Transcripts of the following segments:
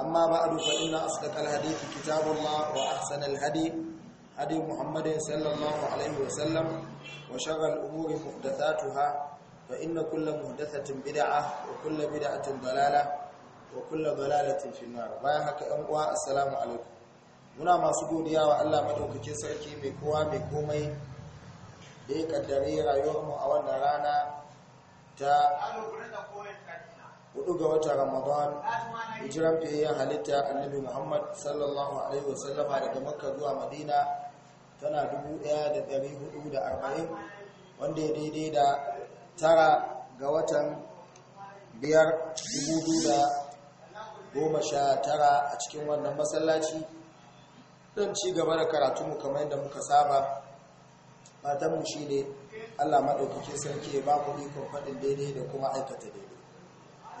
أما بعد فإن أصدق الحديث كتاب الله وأحسن الهدي هدي محمد صلى الله عليه وسلم وشغل الأمور محدثاتها فإن كل محدثة بدعة وكل بدعة ضلالة وكل ضلالة في النار بايحك أمواء السلام عليكم muna masu godiya wa Allah madaukakin sarki mai kowa mai komai da ya kaddare rayuwarmu a wannan rana ta hudu ga wata ramadan hijiran fiyayyen halitta annabi muhammad sallallahu alaihi wasallama daga makka zuwa madina tana 1440 wanda ya daidai da tara ga watan biyar sha tara a cikin wannan masallaci don ci gaba da mu kamar yadda muka saba matanmu shi ne allah maɗaukakin sarki ya ba ku ikon faɗin daidai da kuma aikata daidai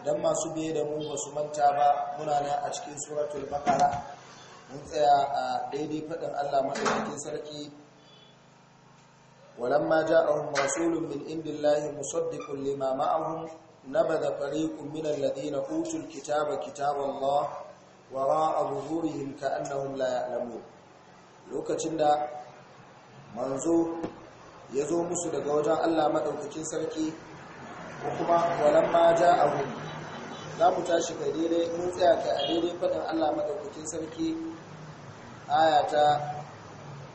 idan masu biye da mu ba su manta ba muna nan a cikin suratul baqara mun tsaya a daidai faɗin Allah madaukakin sarki walamma ja'ahum rasulun min indillahi musaddiqun lima ma'ahum nabadha fariqun min alladhina utul kitaba kitaballah wara'a zuhurihim ka'annahum la ya'lamun lokacin da manzo ya zo musu daga wajen Allah madaukakin sarki ko kuma walamma ja'ahum za mu tashi kai daidai mun tsaya kai a daidai faɗin Allah madaukakin sarki aya ta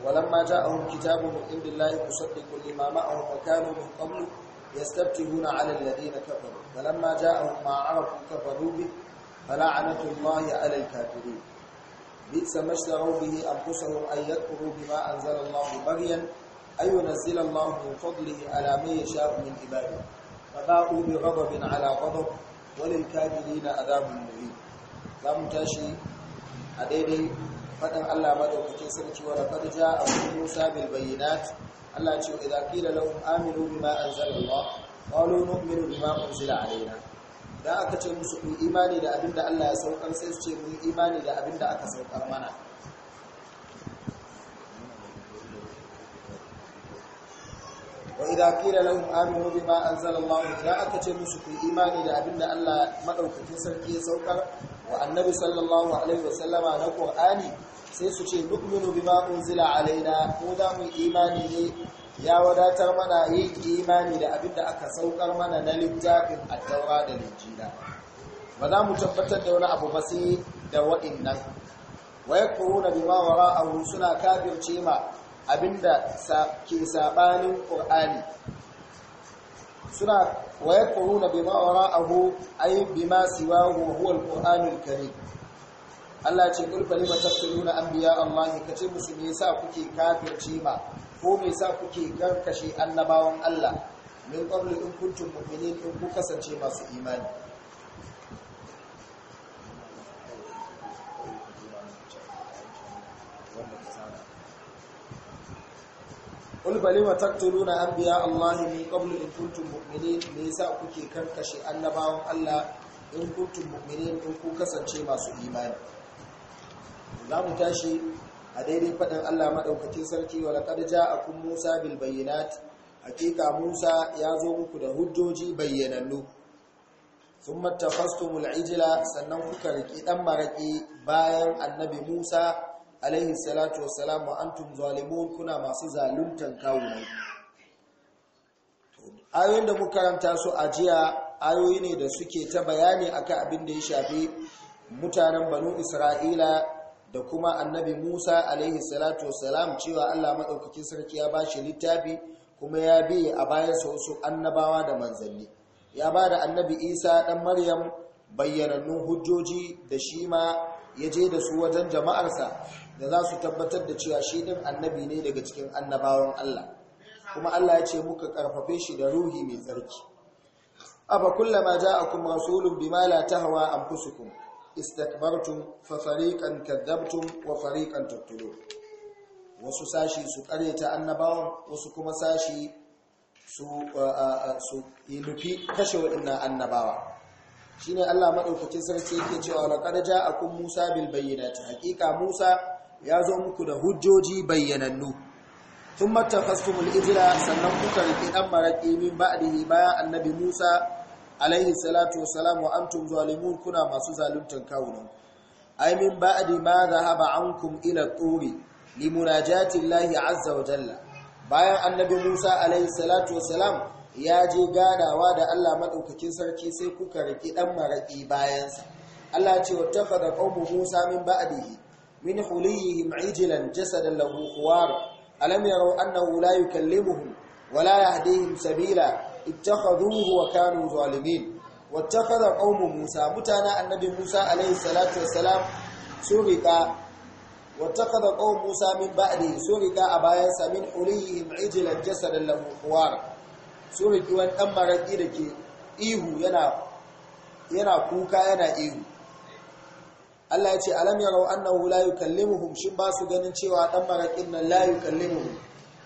walamma ja'ahum kitabun min indillahi musaddiqun lima ma'ahum wa kanu min qablu yastabtihuna 'ala alladhina kafaru walamma ja'ahum ma 'arafu kafaru bi fala'anatullahi 'ala al-kafirin بئس ما اشتروا به انفسهم ان يكفروا بما انزل الله بغيا ان ينزل الله من فضله على من يشاء فباءوا بغضب على غضب walil na azabun muri. za mu tashi a daidai faɗin Allah madaukakin sarki wa laqad ja'a Musa bil bayyinat Allah ce idza qila lahum aminu bima anzala Allah qalu nu'minu bima unzila alaina Da aka ce musu ku imani da abinda Allah ya saukar sai su ce mu imani da abinda aka saukar mana wa idza qila lahum aminu bima anzala Allah aka ce musu ku imani da abinda Allah madaukakin sarki ya saukar wa annabi sallallahu alaihi wasallama na qur'ani sai su ce nu'minu bima unzila alaina ko da mu imani ne ya wadatar mana yi imani da abinda aka saukar mana na littafin at-taura da injila ba za mu tabbatar da wani abu ba sai da wa'innan wa yakfuruna bima wara'ahu suna kafirce ma abinda ke sabanin qur'ani suna wayaquluna bima wara'ahu ay bima siwahu huwa al-qur'anul karim Allah ce kulfa lima taqtuluna anbiya Allah kace musu me yasa kuke kafirci ma ko me yasa kuke karkashe annabawan Allah min qablu in kuntum mu'minin in ku kasance masu imani qul bal wa an biya Allah ne qabl in kuntun mumini me sa kuke karkashe annabawan Allah in kuntun mu'minin in ku kasance masu imani za mu tashi a daidai faɗin Allah maɗaukacin sarki wa a kun Musa bil bayyinat hakika Musa ya zo muku da hujjoji bayyanannu sun mattafastumul ijila sannan kuka riƙi ɗan maraƙi bayan annabi Musa alaihi salatu salamu an antum zalimun kuna masu zaluntan kawuna. ayoyin da muka karanta su a jiya ayoyi ne da suke ta bayani akan abin da ya shafi mutanen banu isra'ila da kuma annabi musa alaihi salatu wassalam cewa allah maɗaukakin sarki ya ba shi littafi kuma ya bi a sa wasu annabawa da manzanni ya ba da annabi isa ɗan maryam bayyanannun hujjoji da shi ma ya je da su wajen jama'arsa da za su tabbatar da cewa shi din annabi ne daga cikin annabawan Allah kuma Allah ya ce muka karfafe shi da ruhi mai tsarki aba kullama ja'akum rasulun bima la tahwa anfusukum istakbartum fa fariqan kadzabtum wa fariqan taqtulun wasu sashi su kareta annabawan wasu kuma sashi su su inufi kashe waɗannan annabawa shine Allah madaukakin sarki yake cewa laqad ja'akum Musa bil bayyinati haqiqa Musa ya zo muku da hujjoji bayyanannu mata matakastum al'ijira sannan kuka riƙe ɗan maraƙi min ba'adihi bayan annabi musa alaihi salatu wasalam wa antum zalimun kuna masu zaluntan kawunan ai min ba'adi ma za an ankum ila turi li lahi azza wa jalla bayan annabi musa alaihi salatu wasalam ya je ganawa da allah maɗaukakin sarki sai kuka riƙe ɗan maraƙi bayansa allah ce wa tafa da ƙaunar musa min ba'adihi min huliyihim ijilan jasadan lahu khuwar alam yarau annahu la yukallimuhum wala yahdihim sabila ittakhaduhu wa kanu zalimin wattakhadha qaumu musa mutana annabi musa alayhi salatu wassalam surika wattakhadha qaumu musa min ba'di surika abayan samin ulihim ijilan jasadan lahu khuwar suriki wan dan maraki dake ihu yana yana kuka yana ihu Allah ya ce alam yarau annahu la yukallimuhum shi ba su ganin cewa dan marakin nan la yukallimuhum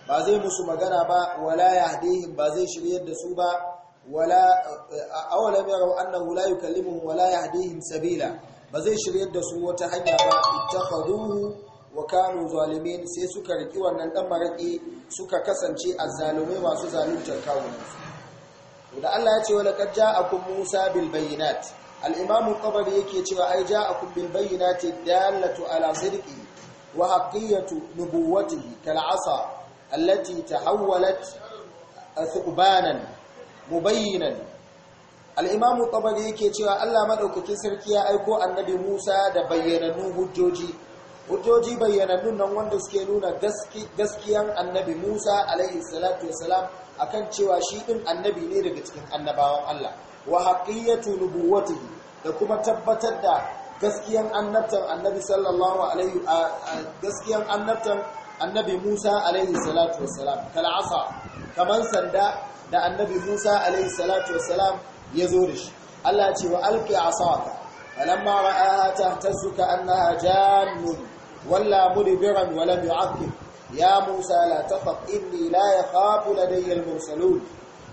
ba zai musu magana ba wala yahdihim ba zai shiryar da su ba wala awalam yarau annahu la yukallimuhum wala yahdihim sabila ba zai shiryar da su wata hanya ba ittakhaduhu wa kanu zalimin sai suka riki wannan dan maraki suka kasance azzalumai masu zaluntar kawunansu da Allah ya ce wala qad ja'akum Musa bil bayyinat al-imam yake cewa ai ja'akum bil bayyinati dallatu ala sidqi wa haqiyyatu nubuwwatihi kal 'asa allati tahawwalat thubanan mubayyinan al-imam al-tabari yake cewa Allah madaukakin sarki ya aiko annabi Musa da bayyanannun hujjoji hujjoji nan wanda suke nuna gaskiyan annabi Musa alaihi salatu wasalam akan cewa shi din annabi ne daga cikin annabawan Allah wa haqiyyatu nubuwwatihi da kuma tabbatar da gaskiyan annabtan annabi sallallahu alaihi gaskiyan annabtan annabi Musa alaihi salatu wassalam kal asa kaman sanda da annabi Musa alaihi salatu wassalam ya zo da shi Allah ce wa alqi asaka falamma ra'aha tahtazzu annaha jannun walla mudbiran wa lam yu'aqib ya Musa la taqaf inni la yakhafu ladayya al-mursalun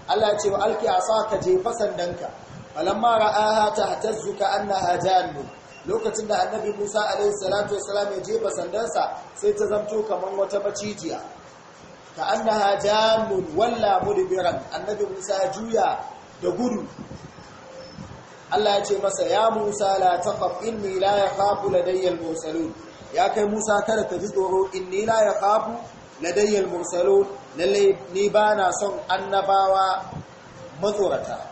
Allah ya ce wa alki asaka jefa sandanka falamma ra'aha tahtazzu ka annaha jannun lokacin da annabi Musa alaihi salatu wassalam ya jefa sandansa sai ta zamto kaman wata macijiya ka annaha jannun walla mudbiran annabi Musa ya juya da gudu Allah ya ce masa ya Musa la taqaf inni la yakhafu ladayya al-mursalun ya kai Musa kada ka ji tsoro inni la kafu. ladayyal mursalun lalle ni ba na son annabawa matsorata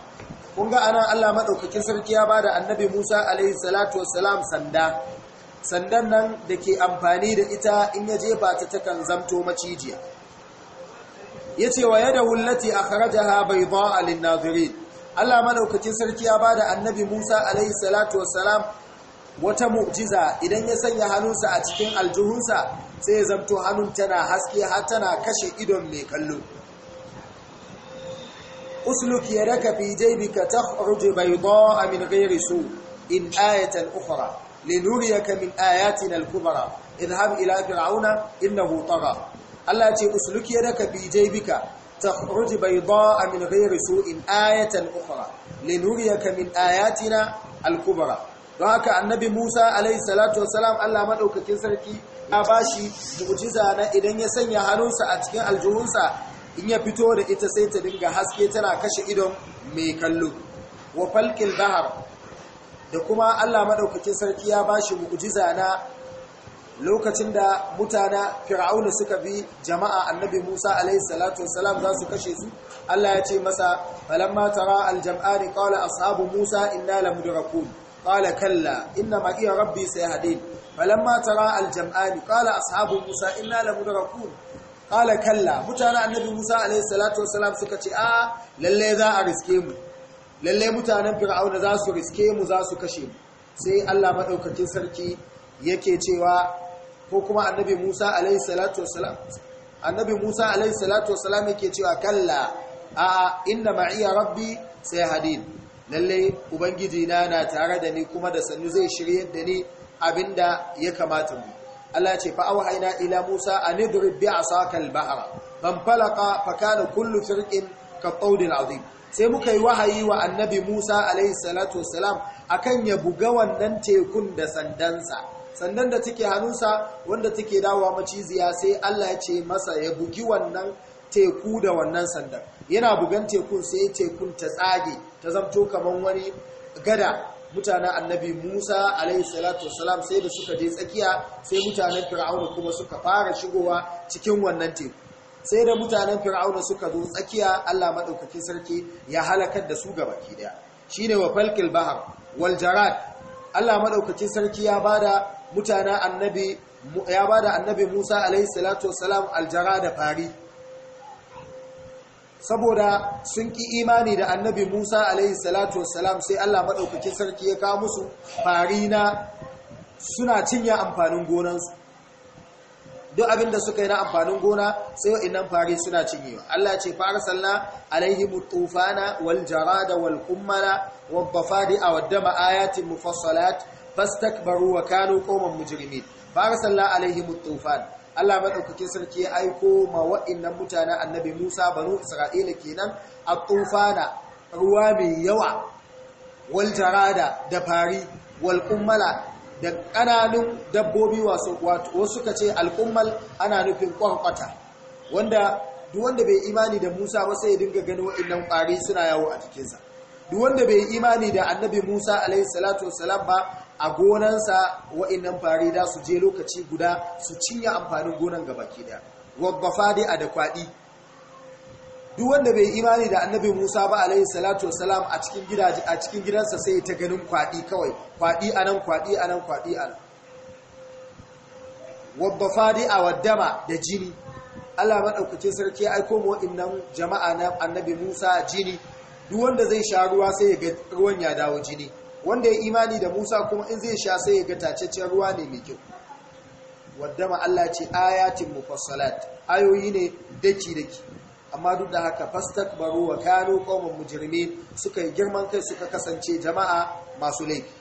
kun ga anan Allah maɗaukakin sarki ya bada annabi Musa alaihi salatu wassalam sanda sandan nan da ke amfani da ita in ya jefa ta takan zamto macijiya yace wa yadahu allati akhrajaha bayda'a lin-nazirin Allah maɗaukakin sarki ya bada annabi Musa alaihi salatu wassalam wata mu'jiza idan ya sanya hannunsa a cikin aljuhunsa sai ya zamto hannun tana haske har tana kashe idon mai kallo usluk yadaka fi jaybika takhruju baydaa min ghairi su in ayatan ukhra linuriyaka min ayatina al-kubra idhhab ila fir'auna innahu tagha Allah ce usluk yadaka fi jaybika takhruju baydaa min ghairi su in ayatan ukhra linuriyaka min ayatina al-kubra don haka annabi Musa alaihi salatu wasalam Allah maɗaukakin sarki ya bashi mu'jiza na idan ya sanya hannunsa a cikin aljuhunsa in ya fito da ita sai ta dinga haske tana kashe idon mai kallo wa falkin bahar da kuma Allah maɗaukakin sarki ya bashi mu'jiza na lokacin da mutana fir'auna suka bi jama'a annabi Musa alaihi salatu wasalam za su kashe su Allah ya ce masa falamma tara aljam'ani qala ashabu Musa inna lamudrakun قال كلا انما اي ربي سيهدين فلما ترى الجمعان قال اصحاب موسى انا لمدركون قال كلا متانا النبي موسى عليه الصلاه والسلام suka ce a lalle za a riske mu lalle mutanen fir'auna za su riske mu za su kashe mu sai Allah madaukakin sarki yake cewa ko kuma annabi Musa alaihi salatu wassalam annabi Musa alaihi salatu wassalam yake cewa kalla a inna ma'iya rabbi sayhadin lalle ubangiji na na tare da ni kuma da sannu zai shiryar da ni abinda ya kamata mu Allah ce fa awhayna ila Musa an idrib bi asaka al-bahr man falaqa fa kana kullu firqin ka qawdil azim sai muka yi wahayi wa annabi Musa alayhi salatu wassalam akan ya buga wannan tekun da sandansa sandan da take hannunsa wanda take dawowa maciziya sai Allah ya ce masa ya bugi wannan teku da wannan sandan yana bugan tekun sai tekun ta tsage ta zamto kaman wani gada mutanen annabi Musa alaihi salatu wassalam sai da suka je tsakiya sai mutanen Fir'auna kuma suka fara shigowa cikin wannan teku sai da mutanen Fir'auna suka zo tsakiya Allah madaukakin sarki ya halakar da su gabaki daya shine wa falkil bahar wal jarad Allah madaukakin sarki ya bada mutanen annabi Musa alaihi salatu wassalam al da fari saboda sun ki imani da annabi Musa alaihi salatu wassalam sai Allah madaukakin sarki ya kawo musu fari na suna cinye amfanin gonansu duk abin da suka yi na amfanin gona sai wa'innan fari suna cinyewa Allah ce fara salla alaihi mutufana wal jarada wal kummala wal bafadi a waddama ayatin mufassalat fastakbaru wa kanu qauman mujrimin fara salla alaihi mutufana Allah madaukakin sarki ya aiko ma wa'annan mutanen annabi Musa banu Isra'ila kenan at-tufana ruwa mai yawa wal jarada da fari wal kummala da ƙananun dabbobi wasu wasu kace al-kummal ana nufin ƙwarƙwata wanda duk wanda bai imani da Musa ba sai ya dinga ganin wa'annan ƙwari suna yawo a jikinsa duk wanda bai imani da annabi Musa salatu wassalam ba a gonansa wa'innan fari da su je lokaci guda su cinye amfanin gonan gabaki daya waddafa fadi a da kwaɗi duk wanda bai imani da annabi musa ba layin salatu wasalam a cikin a cikin gidansa sai ta ganin kwaɗi kawai kwaɗi a nan kwaɗi a nan kwaɗi a nan Wabba fadi a waddama da jini allah maɗaukacin sarki ya aiko mu wa'innan jama'a na annabi musa jini duk wanda zai sha ruwa sai ya ga ruwan ya dawo jini wanda ya imani da Musa kuma in zai sha sai ya ga tacaccen ruwa ne mai kyau wadda ma Allah ce ayatin mufassalat ayoyi ne daki daki amma duk da haka fastakbaru wa kanu qauman mujrimin suka yi girman kai suka kasance jama'a masu laifi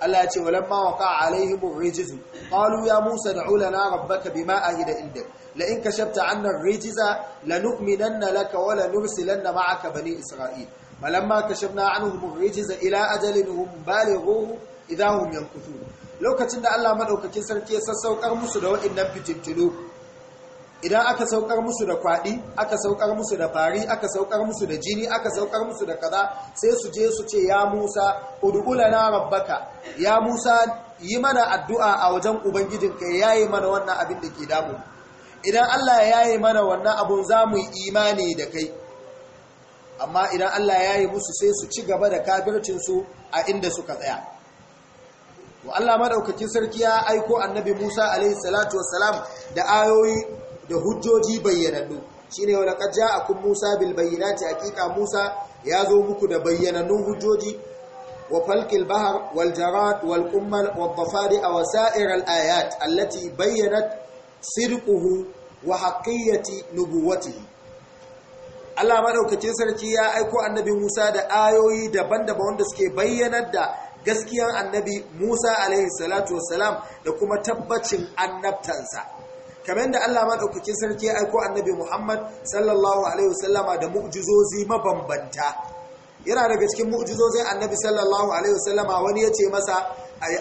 Allah ce walamma waqa alaihim rijizu qalu ya musa da'u lana rabbaka bima ahida inda. la in kashafta 'anna ar-rijza lanu'minanna laka wa lanursilanna ma'aka bani isra'il falamma kashafna anhum Rijiza ila ajalin hum balighuhu idan hum yankuthun lokacin da Allah madaukakin sarki ya sassaukar musu da waɗannan fitintulu idan aka saukar musu da kwadi aka saukar musu da fari aka saukar musu da jini aka saukar musu da kaza sai su je su ce ya Musa ud'ulana rabbaka ya Musa yi mana addu'a a wajen ubangijinka yayi mana wannan abin da ke damu idan Allah ya yaye mana wannan abun za mu yi imani da kai amma idan Allah ya yi musu sai su ci gaba da kafircinsu a inda suka tsaya Wa Allah maɗaukaki sarki ya aiko annabi Musa a.s. da ayoyi da hujjoji bayyanannu shi ne wani ƙajja a kun Musa bil ce hakika Musa ya zo muku da bayyanannun hujjoji wa falkil bahar wal jarad wal kummal wa bafari a sa'ir al ayat allati bayyanat sirkuhu wa haƙiyyati nubuwatihi Allah maɗaukacin sarki ya aiko annabi Musa da ayoyi daban-daban wanda suke bayyanar da gaskiyar annabi Musa alaihi salatu wassalam da kuma tabbacin annabtansa kamar da Allah maɗaukacin sarki ya aiko annabi Muhammad sallallahu alaihi wasallama da mu'jizozi mabambanta yana daga cikin mu'jizozin annabi sallallahu alaihi wasallama wani ya ce masa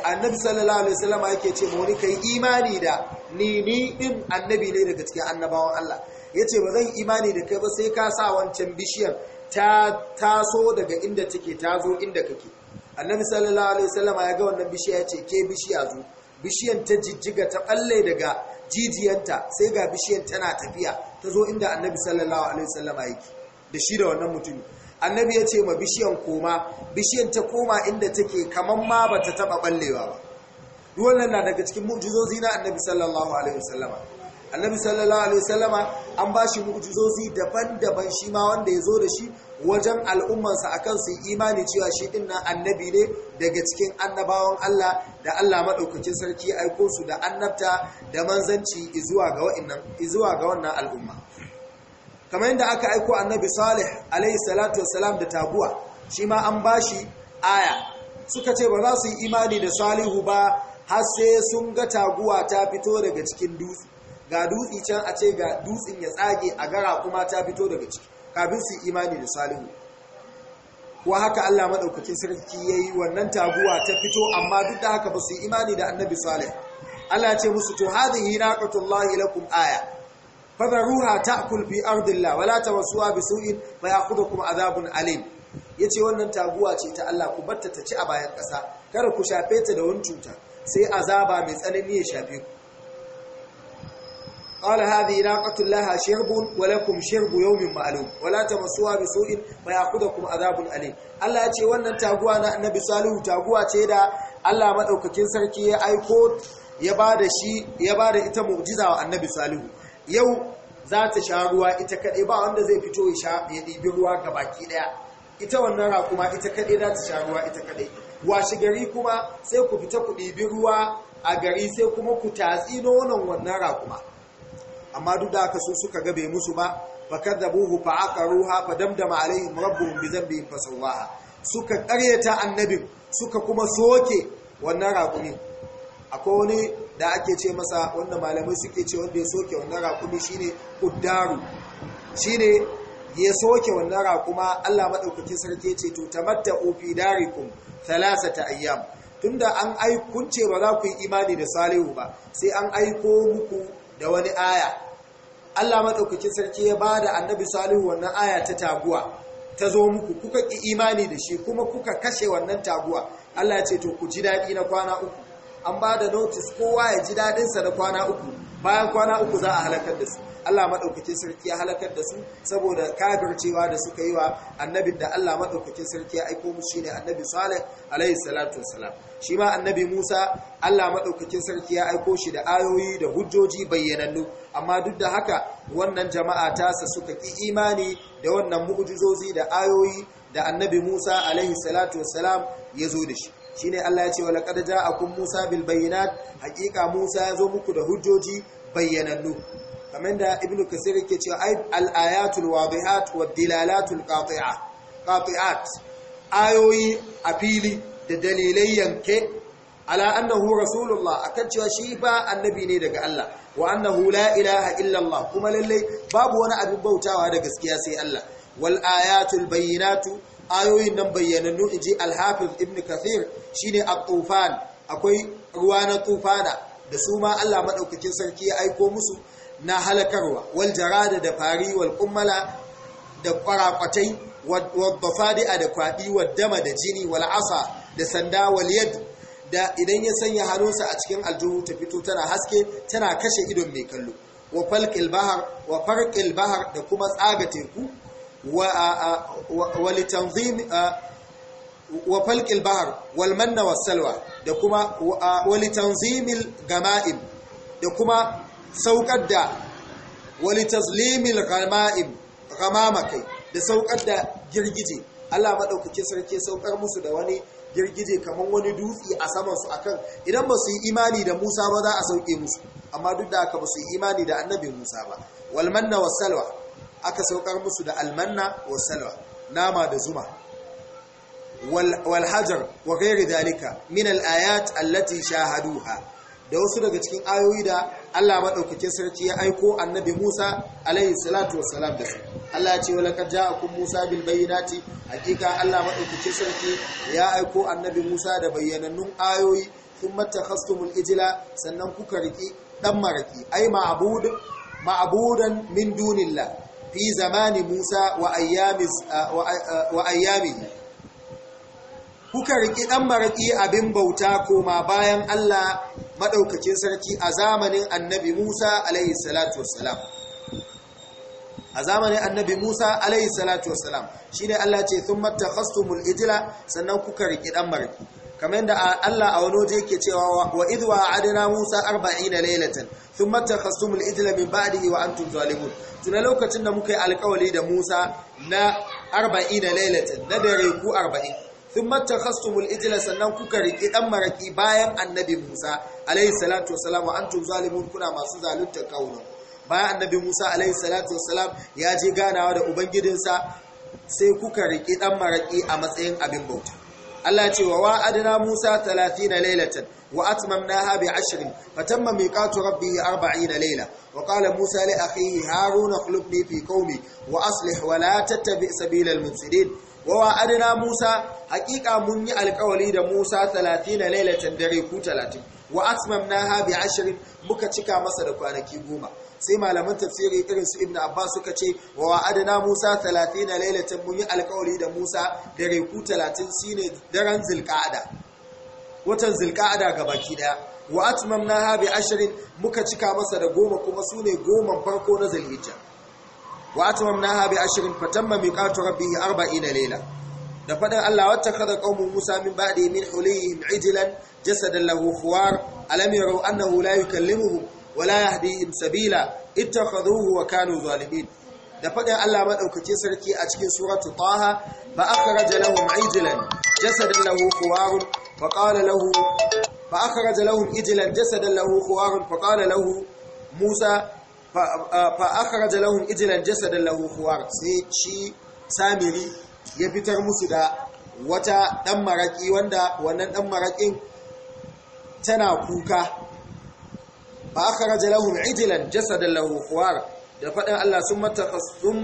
annabi sallallahu alaihi wasallama yake ce ma wani kai imani da ni ni din annabi ne daga cikin annabawan Allah ya ce ba zan imani da kai ba sai ka sa wancan bishiyar ta taso daga inda take ta zo inda kake annabi sallallahu alaihi wasallama ya ga wannan bishiya ya ce ke bishiya zo bishiyan ta jijjiga ta balle daga jijiyanta sai ga bishiyan tana tafiya ta zo inda annabi sallallahu alaihi wasallama yake da shi da wannan mutumi annabi ya ce ma bishiyan koma bishiyan ta koma inda take kaman ma bata taba ballewa ba wannan na daga cikin mu'jizozi na annabi sallallahu alaihi wasallama annabi sallallahu alaihi wasallama an ba shi mu'jizozi daban-daban shi ma wanda ya zo da shi wajen al'ummarsa akan su imani cewa shi din nan annabi ne daga cikin annabawan Allah da Allah madaukakin sarki aiko su da annabta da manzanci zuwa ga wannan al'umma kamar yadda aka aiko annabi salih alaihi salatu da taguwa shi ma an ba shi aya suka ce ba za su yi imani da salihu ba har sai sun ga taguwa ta fito daga cikin dutse ga dutsi can a ce ga dutsin ya tsage a gara kuma ta fito daga ciki kafin su imani da salihu kuwa haka Allah madaukakin sarki yayi wannan taguwa ta fito amma duk da haka ba su imani da annabi salih Allah ce musu to hadhihi naqatullahi lakum aya fadaruha ta'kul bi ardillah wala tawassuha bisu'in fa ya'khudhukum adhabun alim yace wannan taguwa ce ta Allah ku batta ta ci a bayan ƙasa kada ku shafe ta da wani cuta sai azaba mai tsanani ya shafe ku قال هذه ناقة لها شرب ولكم شرب يوم معلوم ولا تمسوها بسوء kuma عذاب أليم Allah ya ce wannan taguwa na Annabi Salihu taguwa ce da Allah madaukakin sarki ya aiko ya bada shi ya bada ita mu'jiza wa Annabi Salihu yau za ta sha ruwa ita kadai ba wanda zai fito ya sha ya dibi ruwa gabaki daya ita wannan rakuma ita kadai za ta sha ruwa ita Wa shi gari kuma sai ku fita ku dibi ruwa a gari sai kuma ku tatsi nonon wannan rakuma amma duk da aka su suka ga bai musu ba buhu fa aqaruha fa damdama alaihim rabbuhum bi dhanbihim sawaha suka ƙaryata annabin suka kuma soke wannan raƙumi akwai wani da ake ce masa wanda malamai suke ce wanda ya soke wannan raƙumi shine uddaru shine ya soke wannan raƙuma Allah madaukakin sarki ce to tamatta'u fi darikum thalathata ayyam tunda an aikunce ba za ku yi imani da salihu ba sai an aiko muku da wani aya Allah maɗaukakin sarki ya ba da annabi salihu wannan aya ta taguwa ta zo muku kuka ki imani da shi kuma kuka kashe wannan taguwa Allah ya ce to ku ji daɗi na kwana uku an ba da notis kowa ya ji daɗinsa na kwana uku bayan kwana uku za a halakar da su Allah maɗaukakin sarki ya halakar da su saboda kafircewa da suka yi wa annabin da Allah maɗaukakin sarki ya aiko mu shine annabi Salih alaihi salatu wassalam shi ma annabi Musa Allah maɗaukakin sarki ya aiko shi da ayoyi da hujjoji bayyanannu amma duk da haka wannan jama'a ta sa suka ki imani da wannan mu'jizozi da ayoyi da annabi Musa alaihi salatu wassalam ya zo da shi shine Allah ya ce wa laqad ja'akum Musa bil bayyinat haqiqa Musa ya zo muku da hujjoji bayyanannu kamar da Ibn Kasir yake cewa ay al ayatul wadihat wad dilalatul qati'a qati'at ayoyi a fili da dalilai yanke ala annahu rasulullah akan cewa shi ba annabi ne daga Allah wa annahu la ilaha illa Allah kuma lalle babu wani abin bautawa da gaskiya sai Allah wal ayatul bayyinatu ayoyin nan bayyanannu in ji alhafiz ibn kathir shine at-tufan akwai ruwa na tufana da su ma Allah maɗaukakin sarki ya aiko musu na halakarwa wal jarada da fari wal kummala da kwarakwatai wad dafadi'a da kwaɗi wal dama da jini wal asa da sanda wal yad da idan ya sanya hannunsa a cikin aljuhu ta fito tana haske tana kashe idon mai kallo wa falqil bahar da kuma tsaga teku wa falƙil bahar walmanna wasalwa da kuma walitanzimil gama'im da kuma saukar da walitazlimil gama'im kai. da saukar da girgije Allah maɗaukakin sarki saukar musu da wani girgije kamar wani dutse a samansu akan idan ba su yi imani da Musa ba za a sauke musu amma duk da aka ba su yi imani da annabi Musa ba walmanna wasalwa aka saukar musu da almanna wa salwa nama da zuma walhajar hajar wa dalika min al ayat allati shahaduha da wasu daga cikin ayoyi da Allah madaukakin sarki ya aiko annabi Musa alaihi salatu wassalam da su Allah ya ce wa a kun Musa bil bayyinati hakika Allah madaukakin sarki ya aiko annabi Musa da bayyanannun ayoyi mata takhastumul ijila sannan kuka riƙe ɗan maraƙi. ai ma'abudan ma'budan min dunillah fi zamani Musa wa ayyami kuka riƙi ɗan maraƙi abin bauta koma bayan Allah maɗaukacin sarki a zamanin annabi Musa alaihi salatu wassalam a zamanin annabi Musa alaihi salatu wassalam shine Allah ce thumma takhastumul ijla sannan kuka riki ɗan maraƙi kamar da Allah a wani waje yake cewa wa idwa adana Musa 40 lailatan thumma takhasumul ijla min ba'dihi wa antum zalimun tuna lokacin da muka yi alƙawari da Musa na 40 lailatan na dare ku 40 thumma takhasumul ijla sannan kuka riki dan maraki bayan annabi Musa alayhi salatu wassalam wa antum zalimun kuna masu zalunta kauna bayan annabi Musa alayhi salatu wassalam ya je ganawa da ubangidinsa sai kuka riki dan maraki a matsayin abin bauta Allah ce wa wa'adna Musa 30 laylatan wa atmamnaha bi 'ashrin fatamma miqatu rabbih 40 layla wa qala Musa li akhihi Harun ikhlifni fi qaumi wa aslih wa la tattabi' sabila al-mufsidin wa wa'adna Musa haqiqa mun yi alƙawari da Musa 30 laylatan dare ku 30 wa atmamnaha bi 'ashrin muka cika masa da kwanaki goma sai malaman tafsiri irin su ibnu abbas suka ce wa wa'adna musa 30 lailatan mun yi alƙawari da musa dare ku 30 shine daren zulqa'ada watan zulqa'ada baki daya wa atmamnaha bi ashrin muka cika masa da goma kuma sune goman farko na zulhijja wa atmamnaha bi ashrin fatamma miqatu rabbih 40 laila da faɗin Allah wata kada ƙaunin Musa min baɗi min hulihim ijilan jasadan lahu khuwar alam yarau annahu la yukallimuhum wala yahdihim sabila ittakhaduhu wa kanu da fadin Allah madaukake sarki a cikin suratu taha fa akhraja lahum ijlan jasadan lahu khuwarun fa qala lahu fa lahum ijlan jasadan lahu fa qala lahu Musa fa akhraja lahum ijlan jasadan lahu khuwar sai shi samiri ya fitar musu da wata dan maraki wanda wannan dan marakin tana kuka fa akhraja lahum ijlan jasadan lahu da faɗin Allah sun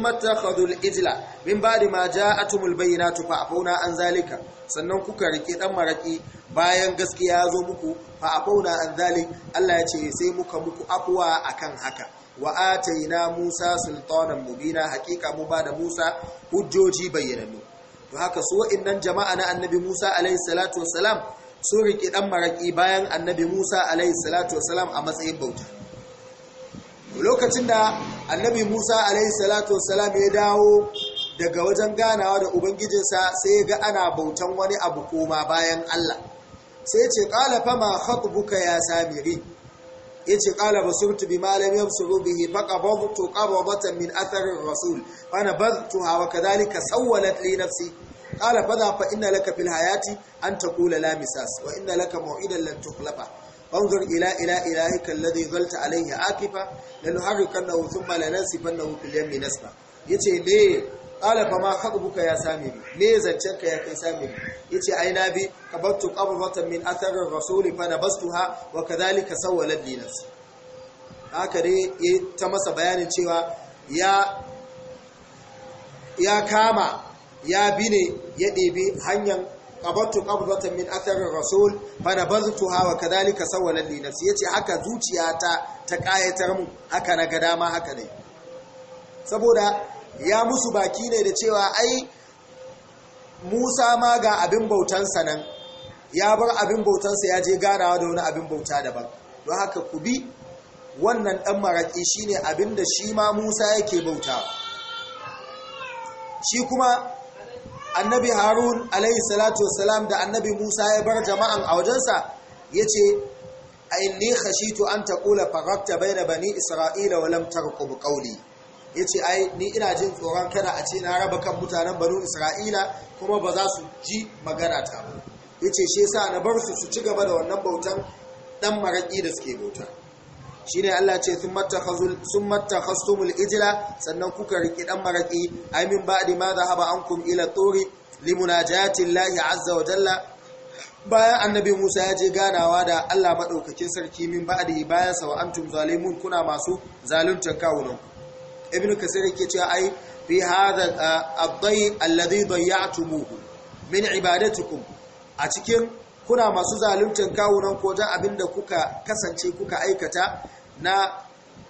matakhadul ijla min ba'di ma ja'atumul bayyinatu fa afauna an zalika sannan kuka rike dan maraki bayan gaskiya ya zo muku fa afauna an zalik Allah ya ce sai muka muku afwa akan haka wa ataina Musa sultanan mubina hakika mu ba da Musa hujjoji bayyanannu to haka su wa'innan jama'a na annabi Musa alaihi salatu wassalam sun riƙi ɗan maraƙi bayan annabi musa alaihi salatu wasalam a matsayin bauta lokacin da annabi musa alaihi salatu wasalam ya dawo daga wajen ganawa da ubangijinsa sai ga ana bautan wani abu koma bayan allah sai ce ƙala fama haƙubuka ya samiri ya ce ƙala basurtu bi malam yamsuru bihi faqabtu qabdatan min atharir rasul wa nabadtuha wa kadhalika sawwalat li nafsi qala fadha fa inna laka fil hayati an taqula la misas wa inna laka maw'idan lan tuqlafa انظر الى الى الهك الذي ظلت عليه عاكفا لنحركنه ثم لننسفنه في اليم نسفا yace me qala fa ma khadbuka ya sami me zancen ka ya kai sami yace ai na bi kabattu qabratan min athar ar-rasul fa nabastuha wa kadhalika sawwalat li nafsi haka dai eh, ta masa bayanin cewa ya ya kama ya bi ne ya ɗebe hanyar ƙabattu qabdatan min atharir rasul fa nabadhtuha wa kadhalika sawalat li nafsi yace haka zuciyata ta kayatar mu haka na gada dama haka ne saboda ya musu baki ne da cewa ai Musa ma ga abin bautansa nan ya bar abin bautansa ya je ganawa da wani abin bauta daban don haka ku bi wannan dan maraki shine abin da shi ma Musa yake bauta shi kuma annabi harun alaihi salatu wasalam da annabi musa ya bar jama'an a wajensa ya ce a inni khashitu an ta taqula bai da bani isra'ila wa lam Ya ce yace ai ni ina jin tsoron kada a ce na raba kan mutanen banu isra'ila kuma ba za su ji magana ta ba ce shi yasa na bar su su ci gaba da wannan bautan dan maraki da suke bauta Shi ne Allah ce sun mattakhastumul ijila sannan kuka riki ɗan maraki aimin ba'di ma an ankum ila turi lahi a azza wa jalla bayan annabi Musa ya je ganawa da Allah maɗaukakin sarki min ba'di bayan sa wa tun zalimun kuna masu zaluntar kawunan ibnu kasir yake cewa ai fi hadha ad-dai alladhi dayya'tumuhu min ibadatikum a cikin kuna masu zaluntan kawunan kojan abin da kuka kasance kuka aikata na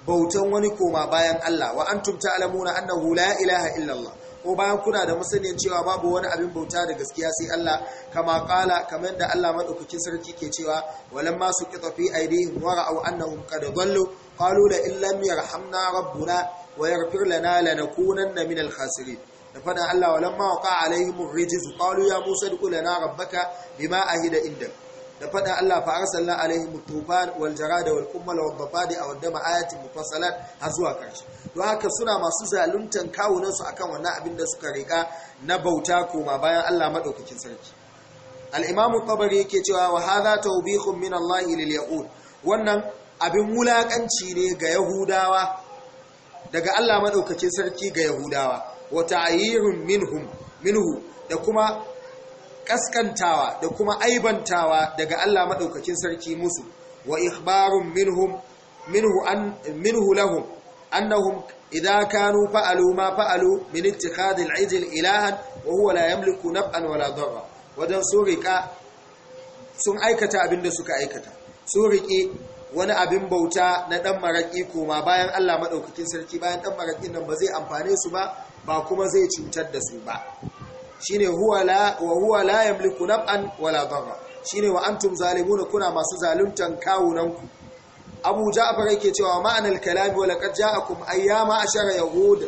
bautan wani koma bayan Allah wa antum ta'lamuna hula ya ilaha illallah ko bayan kuna da musanin cewa babu wani abin bauta da gaskiya sai Allah kama kala kamar yadda Allah madaukakin sarki ke cewa walamma su qitafi aidihim wa ra'aw annahum qad dallu qalu la illam yarhamna rabbuna wa yaghfir lana lanakunanna minal khasirin da faɗin Allah walamma waqa alaihim rijzu qalu ya musa dukul lana rabbaka bima ahida inda da faɗin Allah fa arsalna alaihim tufan wal jarada wal kummal wal dafadi aw dama ayati mufassalat hazuwa zuwa karshe to haka suna masu zaluntan kawunan su akan wannan abin da suka rika na bauta koma bayan Allah madaukakin sarki al-imamu tabari yake cewa wa hadha tawbihun min Allah lil yahud wannan abin wulaƙanci ne ga yahudawa daga Allah madaukakin sarki ga yahudawa wa ta'yirun minhum minhu da kuma kaskantawa da kuma aibantawa daga Allah madaukakin sarki musu wa ikhbarun minhum minhu an minhu lahum annahum idza kanu fa'alu ma fa'alu min ittikhadil ijl ilahan wa huwa la yamliku naf'an wala darra wadan sun aikata abinda suka aikata suriki wani abin bauta na dan maraki koma bayan Allah madaukakin sarki bayan dan marakin nan ba zai amfane su ba ba kuma zai cutar da su ba Shi huwa la wa huwa la yamliku an wala Shi ne wa antum zalimuna kuna masu zaluntan kawunanku. Abuja a Ja'far yake cewa ma'anar kalami wa a ja'akum ayyama a ashara yahud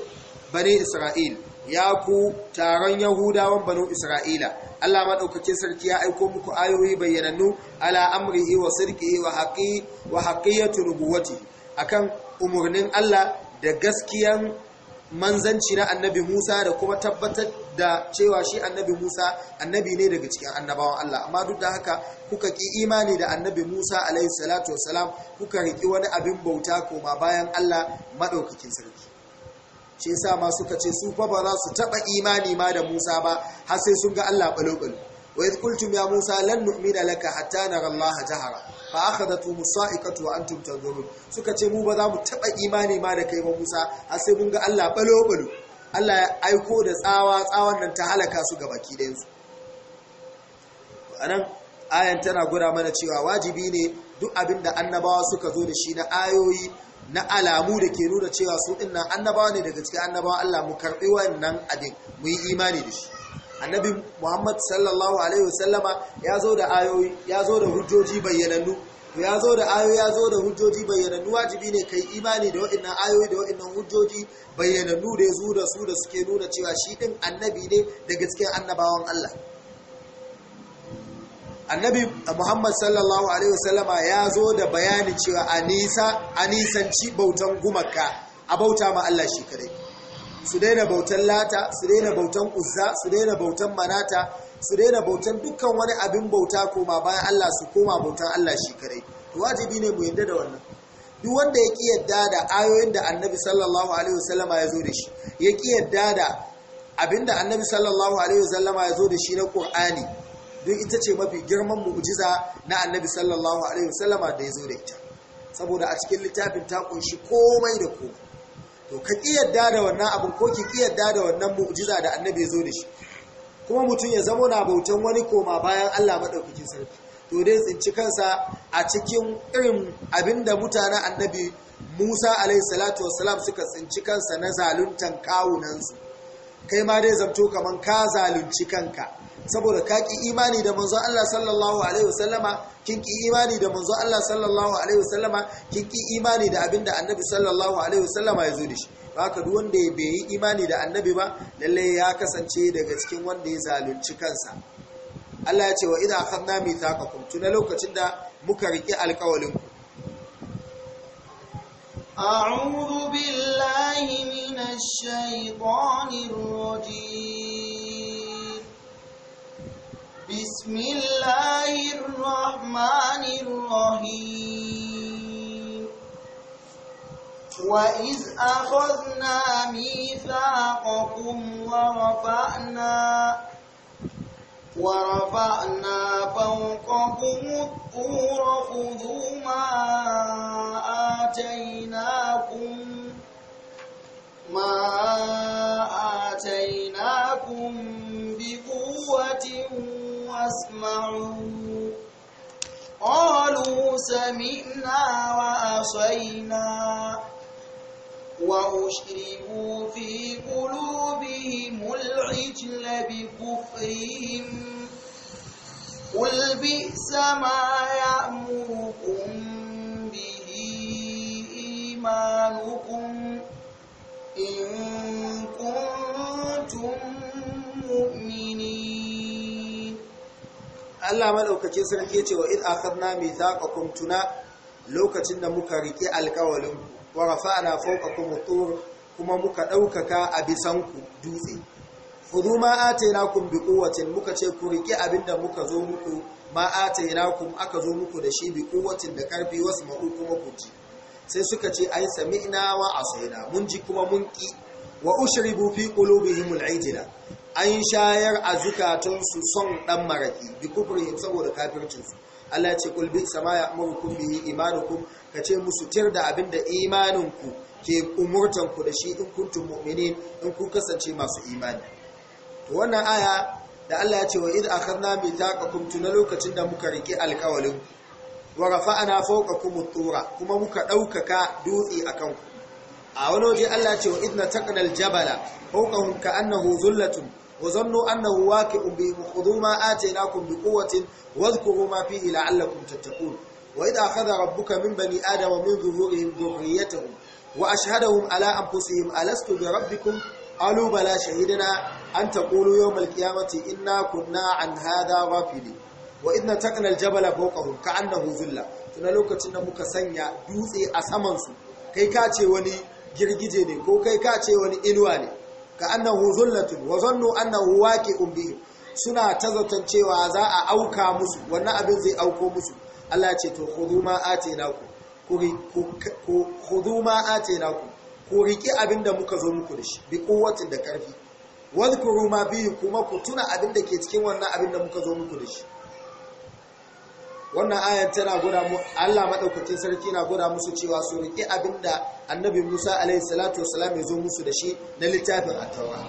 bani Isra'il ya ku taron Yahudawan banu Isra'ila Allah maɗaukacin sarki ya aiko muku ayoyi bayyanannu ala amrihi wa sirqihi wa haqi wa akan umarnin Allah da gaskiyan manzanci na annabi Musa da kuma tabbatar da cewa shi annabi Musa annabi ne daga cikin annabawan Allah amma duk da haka kuka ki imani da annabi Musa alaihi salatu wassalam kuka riki wani abin bauta koma bayan Allah maɗaukakin sarki shi yasa ma suka ce su fa ba za su taɓa imani ma da Musa ba har sai sun ga Allah ɓalo-ɓalo? wa idh ya Musa lan nu'mina laka hatta nara Allah jahara fa akhadatu musaiqatu wa antum tanzurun suka ce mu ba za mu taba imani ma da kai ba Musa har sai mun ga Allah balo balo Allah ya aiko da tsawa tsawon nan ta halaka su ga baki da su anan ayan tana gura mana cewa wajibi ne duk abinda annabawa suka zo da shi na ayoyi na alamu da ke nuna cewa su dinnan annabawa ne daga cikin annabawa Allah mu karbi wannan abin mu yi imani da shi annabi muhammad sallallahu alaihi wasallama ya zo da ayoyi ya zo da hujjoji bayyanannu ya zo da ayoyi ya zo da hujjoji bayyanannu wajibi ne kai imani da waɗannan ayoyi da waɗannan hujjoji bayyanannu da ya zo da su da suke nuna cewa shi ɗin annabi ne daga cikin annabawan Allah annabi muhammad sallallahu alaihi wasallama ya zo da bayani cewa a nisanci bautan gumaka a bauta ma Allah shi kare su daina bautan lata su daina bautan uzza su daina bautan manata su daina bautan dukkan wani abin bauta koma bayan Allah su koma bautan Allah shi kare wajibi ne mu yadda da wannan duk wanda ya ƙi yadda da ayoyin da annabi sallallahu alaihi wasallama ya zo da shi ya ƙi yadda da abinda annabi sallallahu alaihi wasallama ya zo da shi na qur'ani duk ita ce mafi girman mu'jiza na annabi sallallahu alaihi wasallama da ya zo da ita saboda a cikin littafin ta kunshi komai da komai to ka kiyarda da wannan abin ko ki kiyarda da wannan mu'jiza da annabi ya zo da shi kuma mutum ya zama na bautan wani koma bayan Allah madaukakin sarki to dai tsinci kansa a cikin irin abinda mutanen annabi Musa alaihi salatu wassalam suka tsinci kansa na zaluntan kawunansu kai ma dai zamto kaman ka zalunci kanka saboda ka ƙi imani da manzo Allah sallallahu alaihi wasallama kin ƙi imani da manzo Allah sallallahu alaihi wasallama kin ƙi imani da abinda annabi sallallahu alaihi wasallama ya zo da shi haka duk wanda bai yi imani da annabi ba lalle ya kasance daga cikin wanda ya zalunci kansa Allah ya ce wa idza akhadna mithaqakum tuna lokacin da muka riki alƙawalin ku a'udhu billahi minash الشيطان الرجيم بسم الله الرحمن الرحيم وإذ أخذنا ميثاقكم ورفعنا ورفعنا فوقكم الطور خذوا ما آتيناكم ما آتيناكم بقوة واسمعوا قالوا سمعنا وأصينا وأشربوا في قلوبهم العجل بكفرهم قل بئس ما يأمركم به إيمانكم إن كنتم مؤمنين Allah madaukakin sarki ce wa id akhadna mithaqakum tuna lokacin da muka rike alkawalin wa rafa'na fawqakum tur kuma muka daukaka a bisan ku dutse khudhu ma atainakum bi quwwatin muka ce ku rike abinda muka zo muku ma atainakum aka zo muku da shi bi quwwatin da karfi wasu ma'u kuma ku ji sai suka ce ai sami'na wa asaina mun ji kuma mun ki wa ushribu fi qulubihim al'ijla an shayar a zukatunsu son dan maraki bi kufurin saboda kafircinsu Allah ce kulbi sama ya amurkun bi imanukun ka ce musu tir da abin da imaninku ke umurtanku da shi in kuntu mu'minin in kun kasance masu imani to wannan aya da Allah ya ce wa na akhadna mithaqakum tuna lokacin da muka rike alkawalin wa ana fauka kuma tura kuma muka ɗaukaka dutse a ku a wani waje Allah ya ce wa idna taqnal jabala fawqahum annahu zullatun wa zannu annahu waqi'un bi khudhu ma atainakum bi quwwatin wadhkuru ma fihi la'allakum tattaqun wa idha akhadha rabbuka min bani adama min zuhurihim dhurriyyatahum wa ashhadahum ala anfusihim alastu ga rabbikum qalu bala shahidna an taqulu yawm al-qiyamati inna kunna an hadha ghafilin wa idna taqna al-jabala fawqahum ka'annahu zulla tuna lokacin da muka sanya dutse a saman su kai ka ce wani girgije ne ko kai ka ce wani inuwa ne ka annahu zullatun wa zannu annahu waqi'un bihim suna tazatan cewa za a auka musu wannan abin zai auko musu Allah ya ce to khudhu ma atainaku ku khudhu ma atainaku ku riki abin da muka zo muku da shi bi quwwatin da karfi wadhkuru ma bihi kuma ku tuna abin da ke cikin wannan abin da muka zo muku da shi wannan ayar tana guda mu Allah madaukakin sarki na guda musu cewa su riki abinda annabi Musa alaihi salatu wasalam ya zo musu da shi na littafin at-taura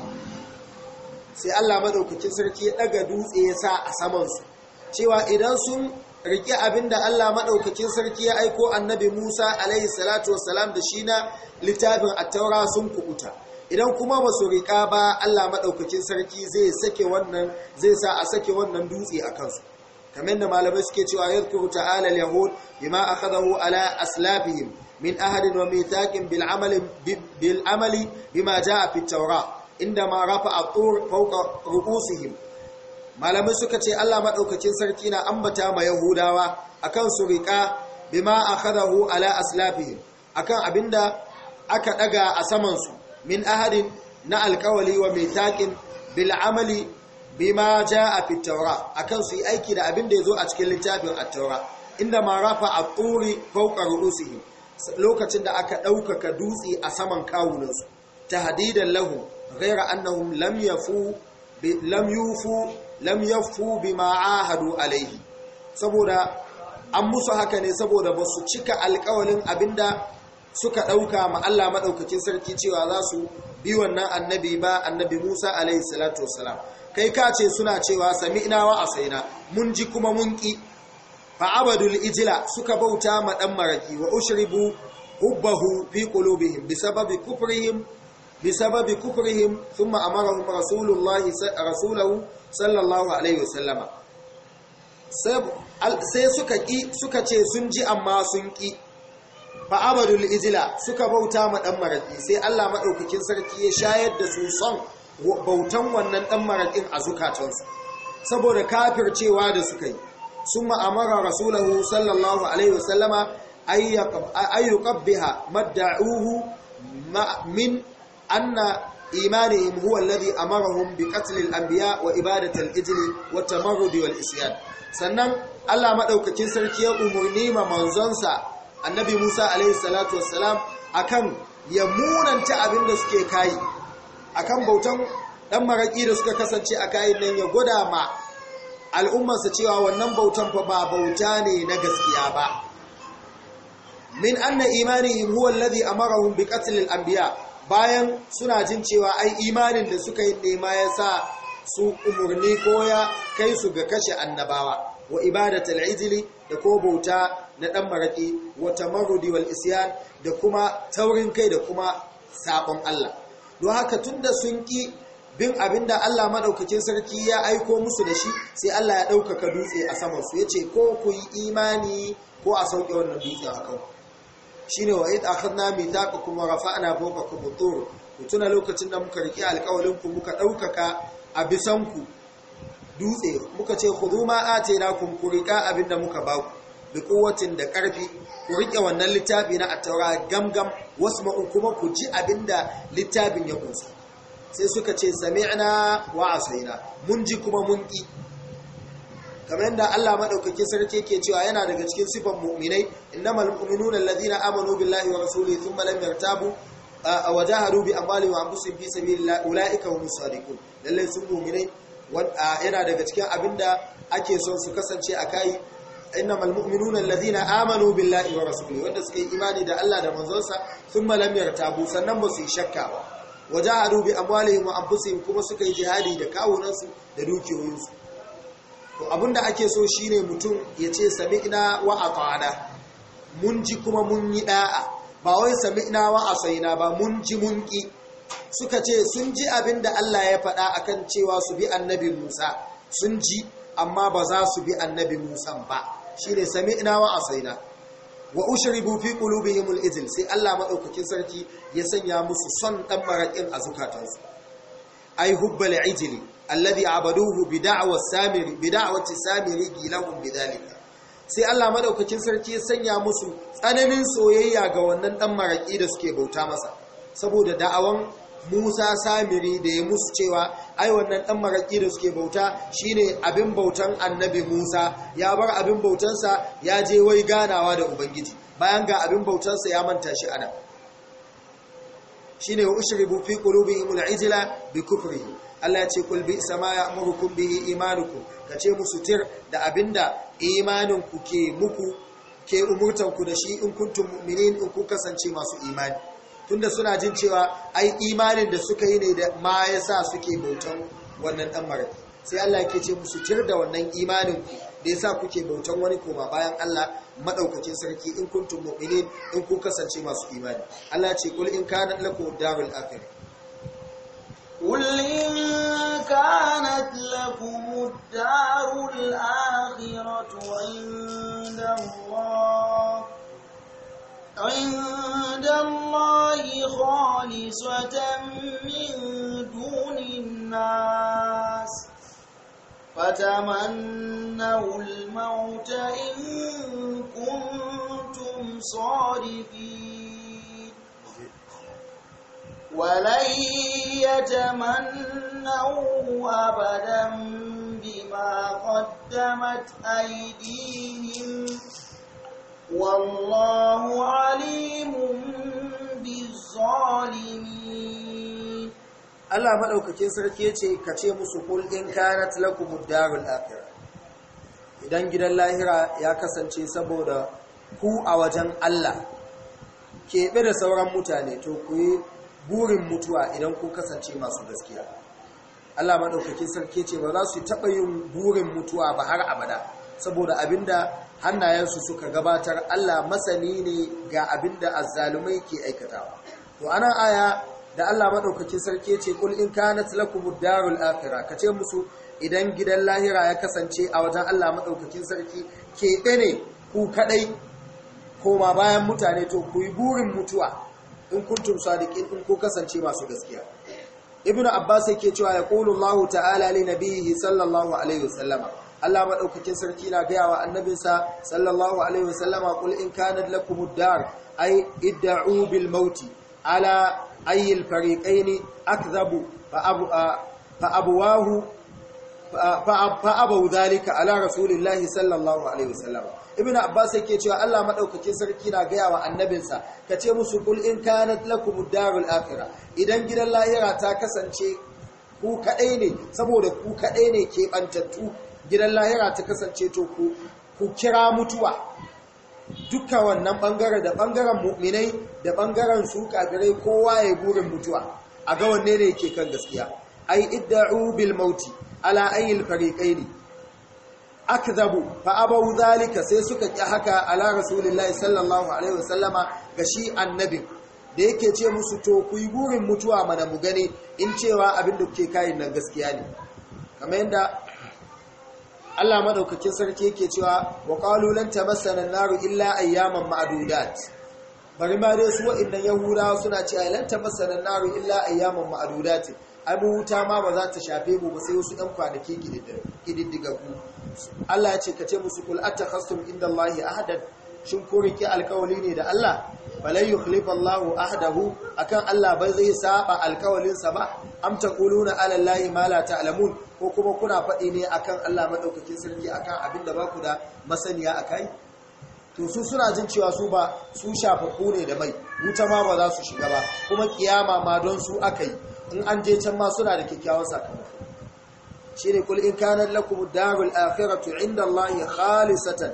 sai Allah madaukakin sarki ya daga dutse ya sa a saman su cewa idan sun riki abinda Allah madaukakin sarki ya aiko annabi Musa alaihi salatu wasalam da shi na littafin at-taura sun kubuta idan kuma ba su rika ba Allah madaukakin sarki zai sake wannan zai sa a sake wannan dutse a kansu kamar da malamai suke cewa yadhkuru ta'ala alal yahud bima akhadahu ala aslafihim min ahadin wa mithaqin bil amali bil amali bima jaa fi at-taura indama rafa'a tur fawqa ru'usihim malamai suka ce Allah madaukakin sarki na ambata ma yahudawa a kan su riƙa bima a akhadahu ala aslafihim abin da aka daga a samansu su min ahadin na alkawali wa mithaqin bil bima a fi a kan su yi aiki da abin da ya zo a cikin littafin a taura inda ma rafa a turi faukar rusuhi lokacin da aka ɗaukaka dutse a saman kawunansu tahdidan lahu ghayra annahum lam lam bima alaihi saboda an musu haka ne saboda ba su cika alkawalin abin da suka ɗauka ma Allah maɗaukakin sarki cewa za su bi wannan annabi ba annabi Musa alaihi salatu wasalam kai ka ce suna cewa sami'na wa asaina mun ji kuma mun ki fa abadul ijla suka bauta ma dan maraki wa ushribu hubbahu fi qulubihim bisababi kufrihim bisababi kufrihim thumma amarahum rasulullahi rasuluhu sallallahu alaihi wasallama sai suka ki suka ce sun ji amma sun ki fa abadul ijla suka bauta ma dan maraki sai Allah madaukakin sarki ya shayar da su son bautan wannan ɗan maraƙin a zukatansu saboda kafircewa da suka yi sun ma'amara rasulahu sallallahu alaihi wasallama ayyukabbiha madda'uhu min anna imanihim huwa alladhi amarahum bi qatl al-anbiya wa ibadati al-ijli wa tamarrud wal isyan sannan Allah madaukakin sarki ya umurni ma manzonsa annabi Musa alaihi salatu wassalam akan ya munanta abinda suke kai akan bautan dan maraki da suka kasance a kayan nan ya gwada ma al'ummarsa cewa wannan bautan fa ba bauta ne na gaskiya ba min anna imanihim huwa alladhi amarahum bi qatl al anbiya bayan suna jin cewa ai imanin da suka yi nema ya sa su umarni ko ya kai su ga kashe annabawa wa ibadatul ijli da ko bauta na dan maraki wa tamarrudi wal isyan da kuma taurin kai da kuma sabon Allah don haka tun da sun ki bin abin da Allah maɗaukakin sarki ya aiko musu da shi sai Allah ya ɗaukaka dutse a saman su ce, ko ku yi imani ko a sauke wannan dutse a kan ne wa kuma rafa ana boka ku fawqakum ku tuna lokacin da muka riƙe alƙawalinku, muka ɗaukaka a bisan dutse muka ce khudhu ma ataynakum ku riƙa abin da muka baku da kowacin da ƙarfi ku riƙe wannan littafi na a taura gamgam wasma'u kuma ku ji abinda littafin ya kunsa sai suka ce ana wa a asaina mun ji kuma mun ƙi. kamar yadda Allah maɗaukaki sarki ke cewa yana daga cikin sifan mu'minai innamal mu'minuna alladhina amanu billahi wa rasulihi thumma malam yartabu wa jaharu bi amwalihim wa anfusihim fi sabilillah ulaika humus sadiqun lallai sun mu'minai yana daga cikin abinda ake son su kasance a kai innamal mu'minuna alladhina amanu billahi wa rasulihi wanda suke imani da Allah da manzonsa sun lam yartabu sannan ba su yi shakka ba waja'alu bi amwalihim wa anfusihim kuma suka yi jihadi da kawunansu da dukiyoyinsu to abinda ake so shine mutum ya ce sami'na wa ata'na mun ji kuma mun yi da'a ba wai sami'na wa asaina ba mun ji mun ki suka ce sun ji abinda Allah ya faɗa akan cewa su bi annabi Musa sun ji amma ba za su bi annabi Musa ba shi shine sami'na wa asaina wa ushribu fi qulubihim al sai Allah madaukakin sarki ya sanya musu son dan marakin a zukatansu ai hubbal ijli alladhi abaduhu bi da'wa samiri bi da'wati samiri gilahum sai Allah madaukakin sarki ya sanya musu tsananin soyayya ga wannan ɗan maraki da suke bauta masa saboda da'awan musa samiri da ya musu cewa ai wannan ɗan maraƙi da suke bauta shine abin bautan annabi musa ya bar abin bautansa ya je wai ganawa da ubangiji bayan ga abin bautansa ya manta shi ana Shi shine ushribu fi qulubihim ijila bi kufrihim Allah ya ce kul bi sama ya'murukum bihi ka kace musu tir da abinda imanin ku ke muku ke umurtanku da shi in kuntum mu'minin in ku kasance masu imani tunda suna jin cewa ai imanin da suka yi ne da ma ya sa suke bautan wannan dan mara sai Allah yake ce musu tir da wannan imanin ku da yasa kuke bautan wani koma bayan Allah madaukakin sarki in kuntum mu'minin in ku kasance masu imani Allah ce kul in kana lakum darul akhir قل كانت لكم الدار الآخرة عند الله عند الله خالصة من دون الناس فتمنوا الموت إن كنتم صادقين ولن يتمنوا أبدا بما قدمت أيديهم والله عليم بالظالمين الله madaukakin sarki yace kace musu kul in kanat lakum darul akhirah idan gidan lahira ya kasance saboda ku a wajen Allah keɓe da sauran mutane to ku yi burin mutuwa idan ku kasance masu gaskiya Allah madaukakin sarki yace ba za su taɓa yin burin mutuwa ba har abada saboda abinda hannayensu suka gabatar Allah masani ne ga abin da azzalumai ke aikatawa to ana aya da Allah maɗaukacin sarki ce ƙul in tilaku buddarul afira, ka kace musu idan gidan lahira ya kasance a wajen Allah maɗaukacin sarki keɓe ne ku kaɗai koma bayan mutane to ku yi burin mutuwa in kuntum sadiqin in ku kasance masu gaskiya Ibn abbas ke cewa ƙulun Allah ta'ala li nabiyhi sallallahu alaihi wasallama Allah maɗaukakin sarki na gaya wa annabinsa sallallahu alaihi wasallama qul in kana lakum ad-dar ay id'u bil mauti. ala ay al fariqayn akdhabu fa abu fa abuwahu dhalika ala rasulillahi sallallahu alaihi wasallama ibnu abbas yake cewa Allah maɗaukakin sarki na gaya wa annabinsa kace musu qul in kana lakum ad-darul akhirah idan gidan lahira ta kasance ku kadai ne saboda ku kadai ne ke bantattu gidan lahira ta kasance to ku kira mutuwa duka wannan bangare da bangaren mu'minai da bangaren su kafirai kowa ya burin mutuwa a ga wanne ne yake kan gaskiya ai idda'u bil mauti ala al fariqaini akzabu fa abu zalika sai suka ki haka ala rasulullahi sallallahu alaihi wasallama ga shi annabi da yake ce musu to ku yi burin mutuwa mana mu gane in cewa abin da kuke kai nan gaskiya ne kamar yadda Allah madaukakin sarki yake cewa wa qalu lan tamassana naru illa ayyaman ma'dudat bari ma dai su wa'annan yahudawa suna cewa lan tamassana an-naru illa ayyaman ma'dudat ai mu wuta ma ba za ta shafe mu ba sai wasu 'yan kwanaki ku. Allah ya ce ka ce musu kul inda indallahi ahadan shin ko rike alkawali ne da Allah falai yukhlifa Allahu ahdahu akan Allah ba zai saba alkawalinsa ba am taquluna ala Allahi ma la ta'lamun ko kuma kuna faɗi ne akan Allah madaukakin sarki akan abinda ba ku da masaniya akai to su suna jin cewa su ba su shafa ne da mai wuta ma ba za su shiga ba kuma kiyama ma don su akai in an je can ma suna da kikkiawan sakamako shine kul in kana lakum darul akhiratu inda Allahi khalisatan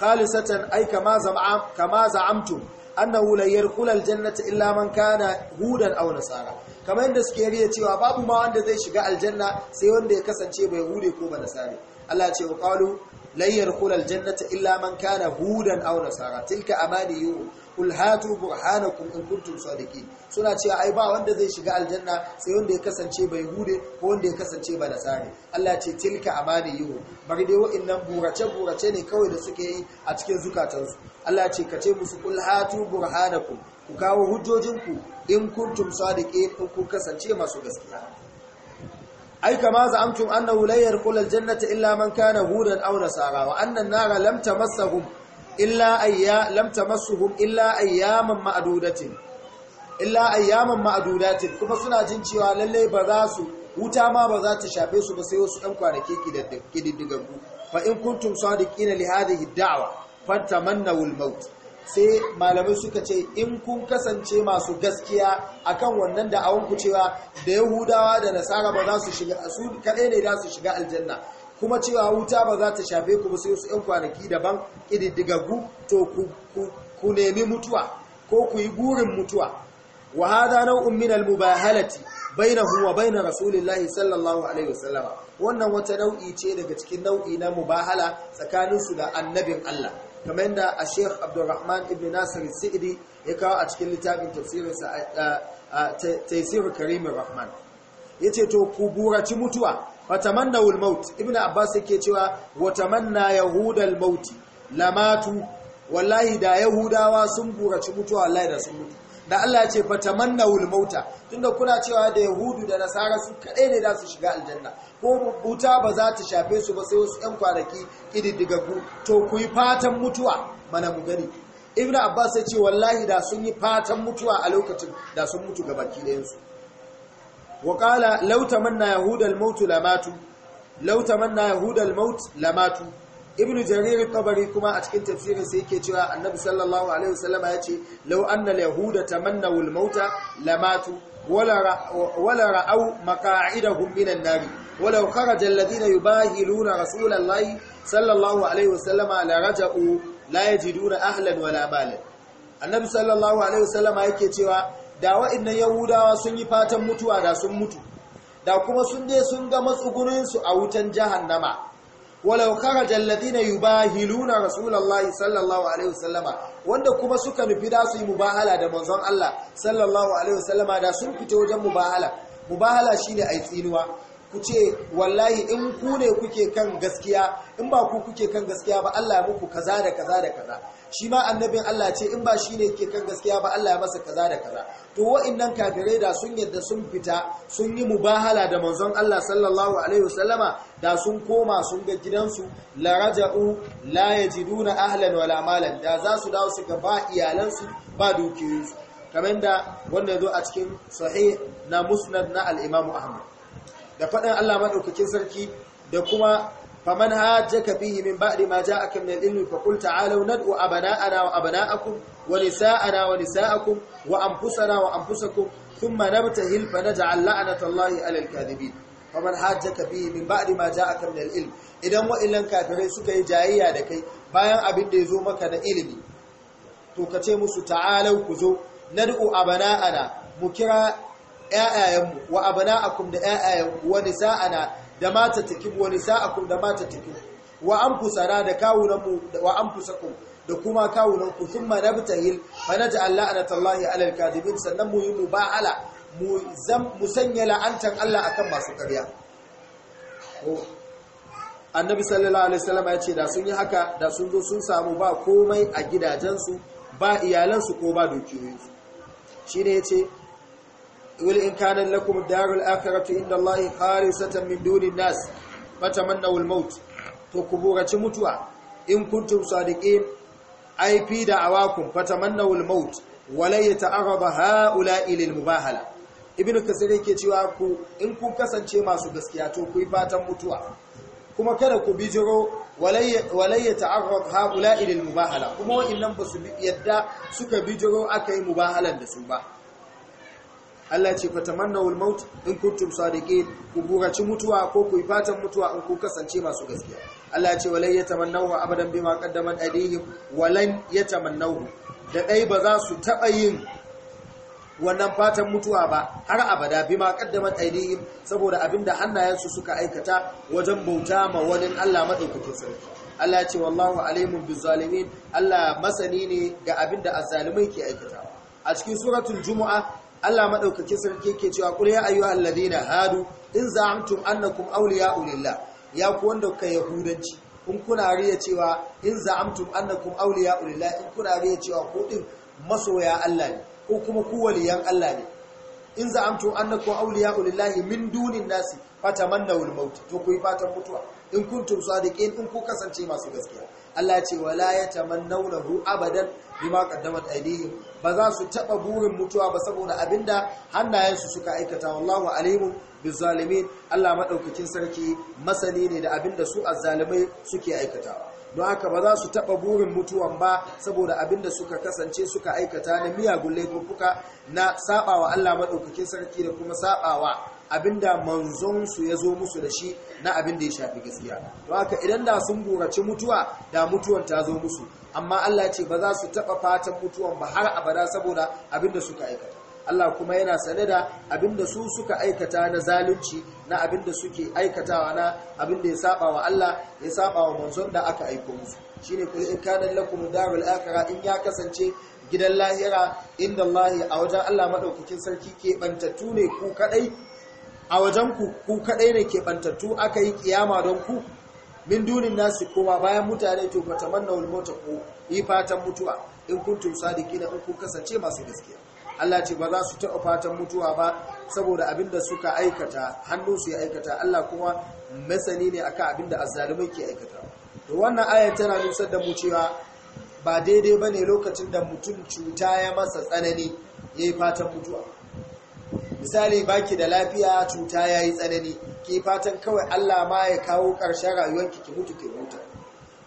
khalisatan ay kama za'amtum annahu la yarqul aljannata illa man kana hudan aw nasara kamar yadda suke riya cewa babu ma wanda zai shiga aljanna sai wanda ya kasance bai hude ko ba na tsari, Allah ce wa qalu lan yarkhul aljannata illa man kana hudan aw nasara tilka wo. kul hatu burhanakum in kuntum sadiqin suna cewa ai ba wanda zai shiga aljanna sai wanda ya kasance bai hude ko wanda ya kasance ba nasari Allah ce tilka amaniyuhum bari dai wa'annan burace burace ne kawai da suke yi a cikin zukatansu Allah ce ka ce musu kul hatu burhanakum ku kawo hujjojinku in kuntum sadiqin in kun kasance masu gaskiya ai kama za'amtum annahu la yarqul aljannata illa man kana hudan aw nasara wa anna an-nara lam tamassahum illa ayya lam tamassuhum illa ayyaman ma'dudatin illa ayyaman ma'dudatin kuma suna jin cewa lalle ba za su wuta ma ba za ta shafe su ba sai wasu ɗan kwanaki ku. fa in kuntum sadiqina li hadhihi ad-da'wa fatamannaw al-maut sai malamai suka ce in kun kasance masu gaskiya akan wannan da awon cewa da yahudawa da nasara ba za su shiga su kaɗai ne za su shiga aljanna kuma cewa wuta ba za ta shafe ku ba sai su yan kwanaki daban ididdigaggu to ku nemi mutuwa ko ku yi gurin mutuwa wa hada nau'un min al-mubahalati bainahu wa bainar rasulillahi sallallahu alaihi wasallam wannan wata nau'i ce daga cikin nau'i na mubahala tsakaninsu da annabin Allah kamar yadda a sheikh abdurrahman ibn nasir sidi ya kawo a cikin littafin tafsirinsa a taisirin karimin rahman ya ce to ku buraci mutuwa manna wulmaut ibn abbas ke cewa wata manna yahudar mauti lamatu wallahi da yahudawa sun buraci mutuwa wallahi da sun mutu da Allah ce ce fatamannawul mauta tunda kuna cewa da yahudu da nasara su kadai ne za su shiga aljanna ko buta ba za ta shafe su ba sai wasu yan kwanaki kididdigaggu to ku yi fatan mutuwa mana mu gani ibn abbas ya ce wallahi da sun yi fatan mutuwa a lokacin da sun mutu ga baki ɗayansu wa qala law tamanna yahudal maut lamatu law tamanna yahudal maut lamatu ibnu jarir tabari kuma a cikin tafsirin sai yake cewa annabi sallallahu alaihi wasallam ya ce law anna yahuda tamannaw al-mauta lamatu wala ra'aw maqa'idahum min nar walau kharaja alladhina yubahiluna rasulallahi sallallahu alaihi wasallama la raja'u la yajiduna ahlan wala malan annabi sallallahu alaihi wasallama yake cewa da wa'annan yahudawa sun yi fatan mutuwa da sun mutu da kuma sun je sun ga su a wutan jahannama walau kharaja alladhina yubahiluna rasulullahi sallallahu alaihi wasallama wanda kuma suka nufi da su yi mubahala da manzon Allah sallallahu alaihi wasallama da sun fita wajen mubahala mubahala shine ai tsinuwa ku ce wallahi in ku ne kuke kan gaskiya in ba ku kuke kan gaskiya ba Allah ya muku kaza da kaza da kaza shi ma annabin Allah ce in ba shi ne ke kan gaskiya ba Allah ya masa kaza da kaza to wa'annan kafirai da sun yadda sun fita sun yi mubahala da manzon Allah sallallahu alaihi wasallama da sun koma sun ga gidansu la raja'u la yajiduna ahlan wala malan da za su dawo su ga ba iyalansu ba dukiyoyinsu kamar da wanda zo a cikin sahih na musnad na al-Imam Ahmad da faɗin Allah madaukakin sarki da kuma faman hajjaka fihi min ba'di ma ja'aka min al-ilmi fa qul ta'alu nad'u abana'ana wa abana'akum wa nisa'ana wa nisa'akum wa anfusana wa anfusakum thumma nabtahil fa naj'al la'nata 'ala al-kadhibin faman hajjaka fihi min ba'di ma ja'aka min al-ilm idan wa'ilan kafirai suka yi jayayya da kai bayan abin da yazo maka na ilimi to kace musu ta'alu ku zo nad'u abana'ana mu kira ‘ya'yayenmu wa abana akum da ‘ya'yayenmu wani sa'ana da mata takim wani sa'akum da mata takim wa an fusara da kawunanmu wa an fusakun da kuma kawunanku sun yi hil ji Allah a natallahi alal kadibin sannan mu yi mu ba'ala mu sanya la'antar Allah a kan masu karya. annabi sallallahu alaihi wasallam ya ce da sun yi haka da sun zo sun samu ba komai a gidajensu ba iyalansu ko ba dukiyoyinsu ya ce. قل إن كان لكم الدار الآخرة عند الله خالصة من دون الناس فتمنوا الموت تكبورة متوى إن كنتم صادقين أي في دعواكم فتمنوا الموت ولا يتعرض هؤلاء للمباهلة ibn kasir yake cewa ku in kun kasance masu gaskiya to ku yi fatan mutuwa kuma kada ku bijiro walayya ta'arraf haula ilal mubahala kuma wa'annan ba su yadda suka bijiro aka yi mubahalan da su ba Allah ce fatamannawul maut in kuntum sadiqin ku buraci mutuwa ko ku fatan mutuwa in ku kasance masu gaskiya Allah ce walai yatamannahu abadan bima qaddaman adihim walan yatamannahu da dai ba za su taba yin wannan fatan mutuwa ba har abada bima qaddaman adihim saboda abinda hannayensu suka aikata wajen bauta ma wani Allah madaukakin sarki Allah ce wallahu alimun bizalimin Allah masani ne ga abinda azzalimai ke aikata. a cikin suratul jumu'a Allah madaukakin sarki ke cewa qul ya ayyuhal ladina hadu in za'amtum annakum awliya'u lillah ya ku wanda ka yahudanci in kuna riya cewa in za'amtum annakum awliya'u lillah in kuna riya cewa ku din masoya Allah ne ko kuma ku waliyan Allah ne in za'amtum annakum awliya'u lillah min dunin nasi Fata manna wul mauti to ku yi fatan mutuwa in kuntum sadiqin in ku kasance masu gaskiya Allah ya ce wala yatamannawnahu abadan bima qaddamat aydihim ba za su taba burin mutuwa ba saboda abinda hannayensu suka aikata wallahu alimu bizalimin Allah madaukakin sarki masani ne da abinda su azzalimai suke aikatawa don haka ba za su taɓa burin mutuwan ba saboda abinda suka kasance suka aikata na miyagun laifuffuka na saɓawa Allah maɗaukakin sarki da kuma saɓawa abinda manzonsu ya zo musu da shi na abinda ya shafi gaskiya to haka idan da sun gurace mutuwa da mutuwan ta zo musu amma Allah ce ba za su taba fatan mutuwan ba har abada saboda abinda suka aikata Allah kuma yana sane da abinda su suka aikata na zalunci na abinda suke aikatawa na abinda ya saba wa Allah ya saba wa manzon da aka aiko musu shine kul in kana lakum darul akhirah in ya kasance gidan lahira inda Allah a wajen Allah madaukakin sarki ke bantatu ne ku kadai a wajen ku ku kadai ne ke bantattu aka yi kiyama don ku min dunin nasu koma bayan mutane to ta manna mauta ku yi fatan mutuwa in kun da sadiqina in kun kasance masu gaskiya Allah ce ba za su taɓa fatan mutuwa ba saboda abinda suka aikata su ya aikata Allah kuma masani ne akan abinda azzalumai ke aikata to wannan ayar tana nusar da mu cewa ba daidai bane lokacin da mutum cuta ya masa tsanani yayi fatan mutuwa misali baki da lafiya cuta yayi tsanani ki fatan kawai Allah ma ya kawo ƙarshen rayuwarki ki mutu ki huta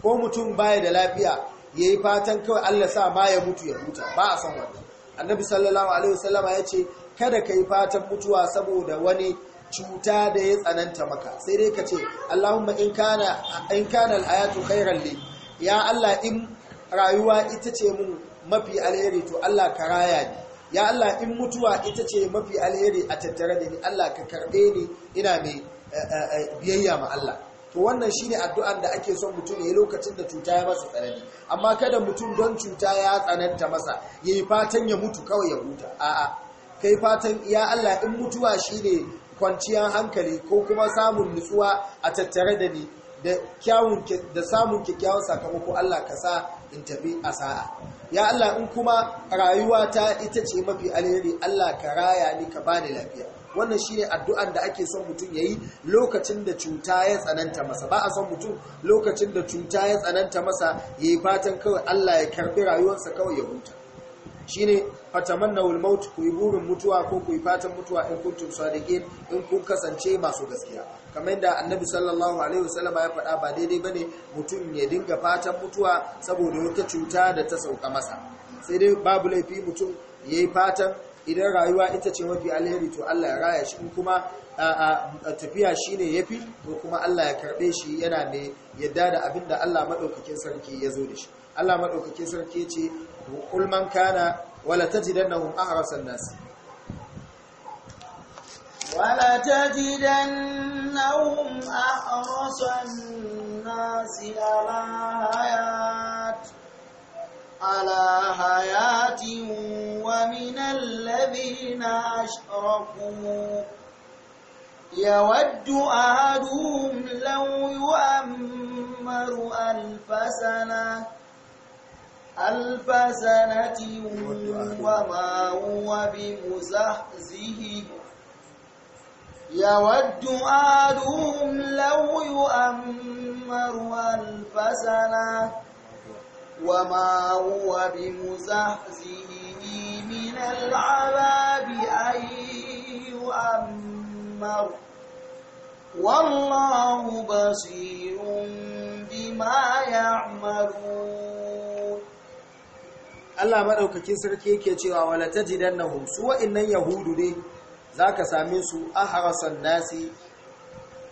ko mutum baya da lafiya yayi fatan kawai Allah sa ma ya mutu ya huta ba a san wannan annabi sallallahu alaihi wasallama ya ce kada ka yi fatan mutuwa saboda wani cuta da ya tsananta maka sai dai ka ce Allahumma in kana in kana alhayatu khairan li ya Allah in rayuwa ita ce mun mafi alheri to Allah ka raya ni ya Allah in mutuwa ita ce mafi alheri a tattare da ni Allah ka karbe ni ina mai eh, eh, eh, biyayya ma Allah to wannan shine addu'an da ake son mutum ya yi lokacin da cuta ya masa tsanani amma kada mutum don cuta ya tsananta masa yayi fatan ya mutu kawai ya huta a'a kai fatan ya Allah in mutuwa shine kwanciyar hankali ko kuma samun nutsuwa a tattare da ni da da samun kyakkyawan sakamako Allah ka sa in tafi a sa'a ya Allah in kuma rayuwa ta ita ce mafi alheri Allah ka raya ni ka bani lafiya wannan shi ne addu'an da ake son mutum ya yi lokacin da cuta ya tsananta masa ba a son mutum lokacin da cuta ya tsananta masa Ya yi fatan kawai Allah ya karbi rayuwarsa kawai ya huta shine fatamannawul maut ku yi burin mutuwa ko ku yi fatan mutuwa in kuntum sadiqin in kun kasance masu gaskiya kamar yadda annabi sallallahu alaihi wasallama ya faɗa ba daidai ba ne mutum ya dinga fatan mutuwa saboda wata cuta da ta sauka masa sai dai babu laifi mutum yayi fatan idan rayuwa ita ce mafi alheri to Allah ya raya shi kuma tafiya shine yafi ko kuma Allah ya karbe shi yana mai yadda da abinda Allah madaukakin sarki ya zo da shi Allah maɗaukake sarki ce ulman kana wala tajidannahum ahrasan nas wala tajidannahum ahrasan nas ala hayat ala hayatin wa na min ya waddu a أحدهم لو a ألف alfasana. ألف سنة وما هو بمزحزه يود أحدهم لو يؤمر ألف سنة وما هو بمزحزه من العذاب أن يؤمر والله بصير بما يعملون Allah maɗaukakin sarki yake cewa wala nahu? su wa'annan yahudu dai zaka same su ahrasan nasi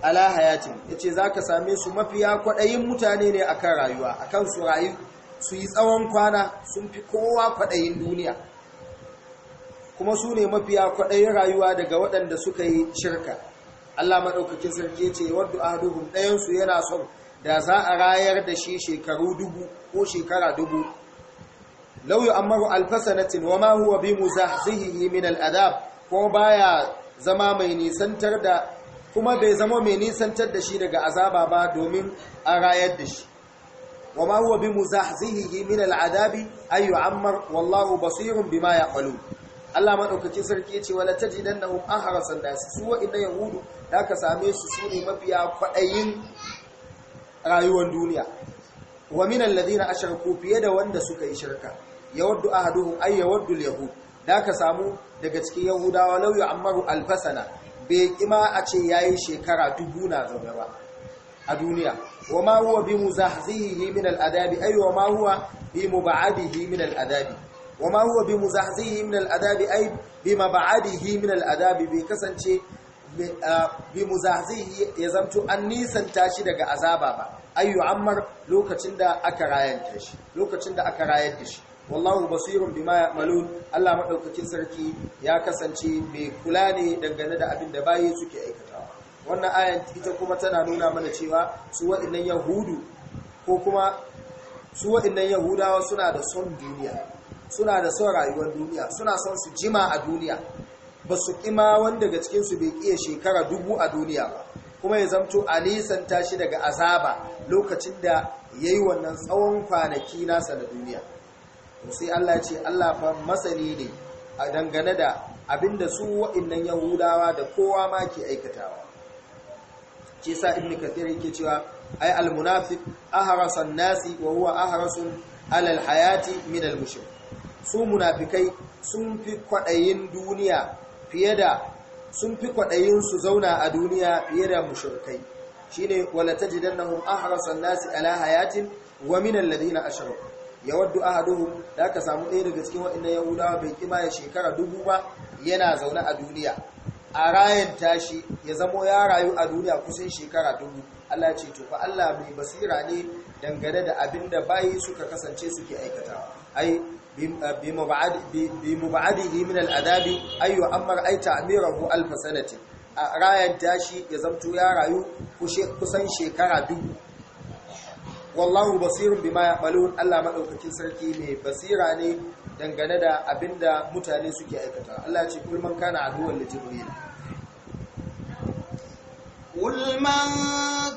ala hayatin yace zaka same su mafiya kwaɗayin mutane ne akan rayuwa akan su rayu su yi tsawon kwana sun fi kowa kwaɗayin duniya kuma su ne mafiya kwaɗayin rayuwa daga waɗanda suka yi shirka Allah maɗaukakin sarki ce ahduhum ɗayan ɗayansu yana son da za a rayar da shi shekaru dubu ko shekara dubu law yu'ammaru alfasanatin wama huwa bi muzahzihi min al'adab ko baya zama bai zama mai nisantar da shi daga azaba ba domin a rayar da shi wama huwa bi muzahzihi min al'adabi ay yu'ammar wallahu basirun bima yaqulu Allah maɗaukacin sarki ya ce wala tajidannahum ahrasan nas su wa'inda yahudu da ka same su su ne mafiya kwaɗayin rayuwar duniya wa min alladhina ashraku fiye da wanda suka yi shirka yawaddu ahaduhum ay yawaddu alyahud da ka samu daga cikin yahudawa law yu'ammaru alfasana bai kima a ce yayi shekara dubu na zaune ba a duniya wa ma huwa bi muzahzihi min al'adabi ay wa ma huwa bi mub'adihi min al'adabi wa ma huwa bi muzahzihi min al'adabi ay bi mab'adihi min al'adabi bai kasance ah, bi muzahzihi ya zamto an nisanta daga azaba ba ayyu ammar lokacin da aka rayanta shi lokacin da aka rayar da shi wallahu basirun bima ya'malun Allah madaukakin sarki ya kasance mai kula ne dangane da abin da bayi suke aikatawa wannan ayat ita kuma tana nuna mana cewa su waɗannan yahudu ko kuma su yahudawa suna da son duniya suna da son rayuwar duniya suna son su jima a duniya ba su kima wanda daga su bai iya shekara dubu a duniya ba kuma ya zamto a nisanta shi daga azaba lokacin da ya yi wannan tsawon kwanaki nasa na duniya sai Allah ce Allah fa masani ne a dangane da abinda su wa'innan yahudawa da kowa ma ke aikatawa ce sa ibn kathir yake cewa ai almunafiq ahrasa nasi wa huwa ahrasun alal hayati min almushrik su munafikai sun fi kwaɗayin duniya fiye da sun fi kwaɗayin su zauna a duniya fiye da mushrikai shine wala tajidannahum ahrasan nasi ala hayatin na ashirin. alladhina ashraku a duhu da ka samu ɗaya daga cikin waɗannan yahudawa bai kima ya shekara dubu ba yana zaune a duniya a rayan tashi ya zamo ya rayu a duniya kusan shekara dubu Allah ce to Allah mai basira ne dangane da abin da bayi suka kasance suke aikata. ai bimubaadihi min adabi, ayyu amma ra'aita amirahu alf a rayan tashi ya zamto ya rayu kusan shekara dubu wallahu basirun bima yaqulun Allah madaukakin sarki mai basira ne dangane da abinda mutane suke aikata Allah ce kul man kana aduwwal li jibril kul man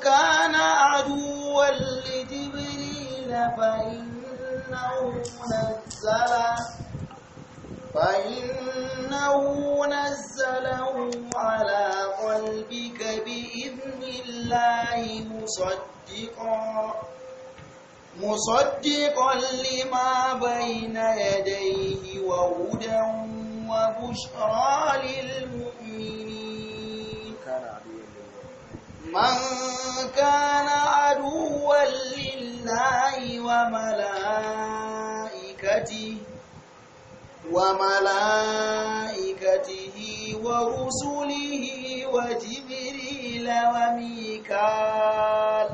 kana aduwwal li jibril fa نزله فإنه نزله على قلبك بإذن الله مصدقا مصدقا لما بين يديه وهدى وبشرى للمؤمنين من كان عدوا لله وملائكته malaikati wa malaikatihi wa rusulihi wa jibril wa mikal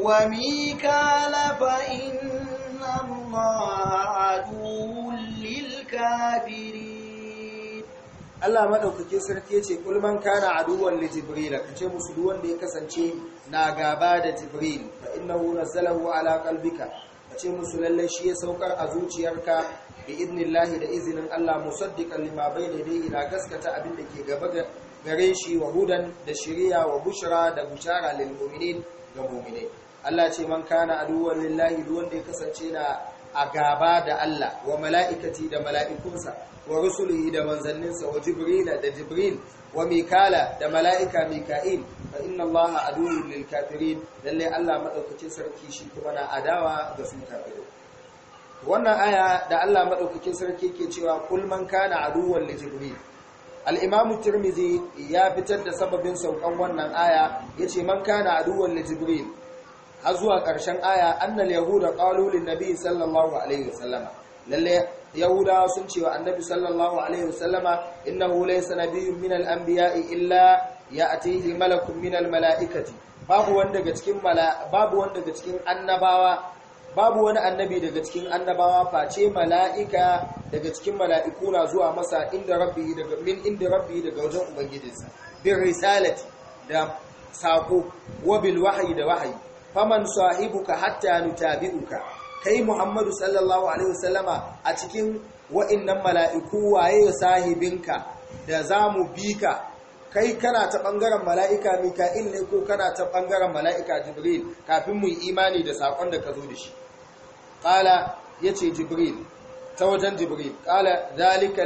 wa mikal fa inna allaha dulil Allah madaukake sarki yace kulman kana aduwan li jibril kace musu duwan da ya kasance na gaba da jibril fa innahu nazalahu ala qalbika A ce musu lallai shi ya saukar a zuciyarka bi lahi da izinin Allah musaddiqan limabai ne dai na gaskata abin da ke gaba gare shi wa hudan da shirya wa bushra da bushara lil ga mu'minai Allah ce man kana wani lillahi duk wanda ya kasance na a gaba da Allah wa mala'ikati da mala'ikunsa wa rusuli da manzanninsa wa jibrila da jibril wa mikala da mala'ika mika'il fa inna allaha aduwwul lil kafirin lalle Allah madaukakin sarki shi kuma na adawa ga su kafirai wannan aya da Allah madaukakin sarki ke cewa kul man kana aduwwan li jibril al-imam tirmidhi ya fitar da sababin saukan wannan aya yace man kana aduwwan li jibril har zuwa ƙarshen aya annal yahuda qalu lin nabi sallallahu alaihi wasallama lalle yahudawa sun ce wa annabi sallallahu alaihi wasallama innahu laysa nabiyyun min al-anbiya'i illa ya atihi malakun minal mala'ikati babu wani daga cikin babu wani daga cikin annabawa babu wani annabi daga cikin annabawa face mala'ika daga cikin mala'iku na zuwa masa inda rabbi daga min inda rabbi daga wajen ubangijinsa bin risalati da sako wa bil wahyi da wahyi faman sahibuka hatta nutabi'uka kai muhammadu sallallahu alaihi wasallama a cikin wa'innan mala'iku waye sahibinka da zamu bika kai kana ta ɓangaren mala'ika mika'il ne ko kana ta ɓangaren mala'ika jibril kafin mu yi imani da sakon da ka zo da shi Ƙala ya ce jibril ta wajen jibril ƙala zalika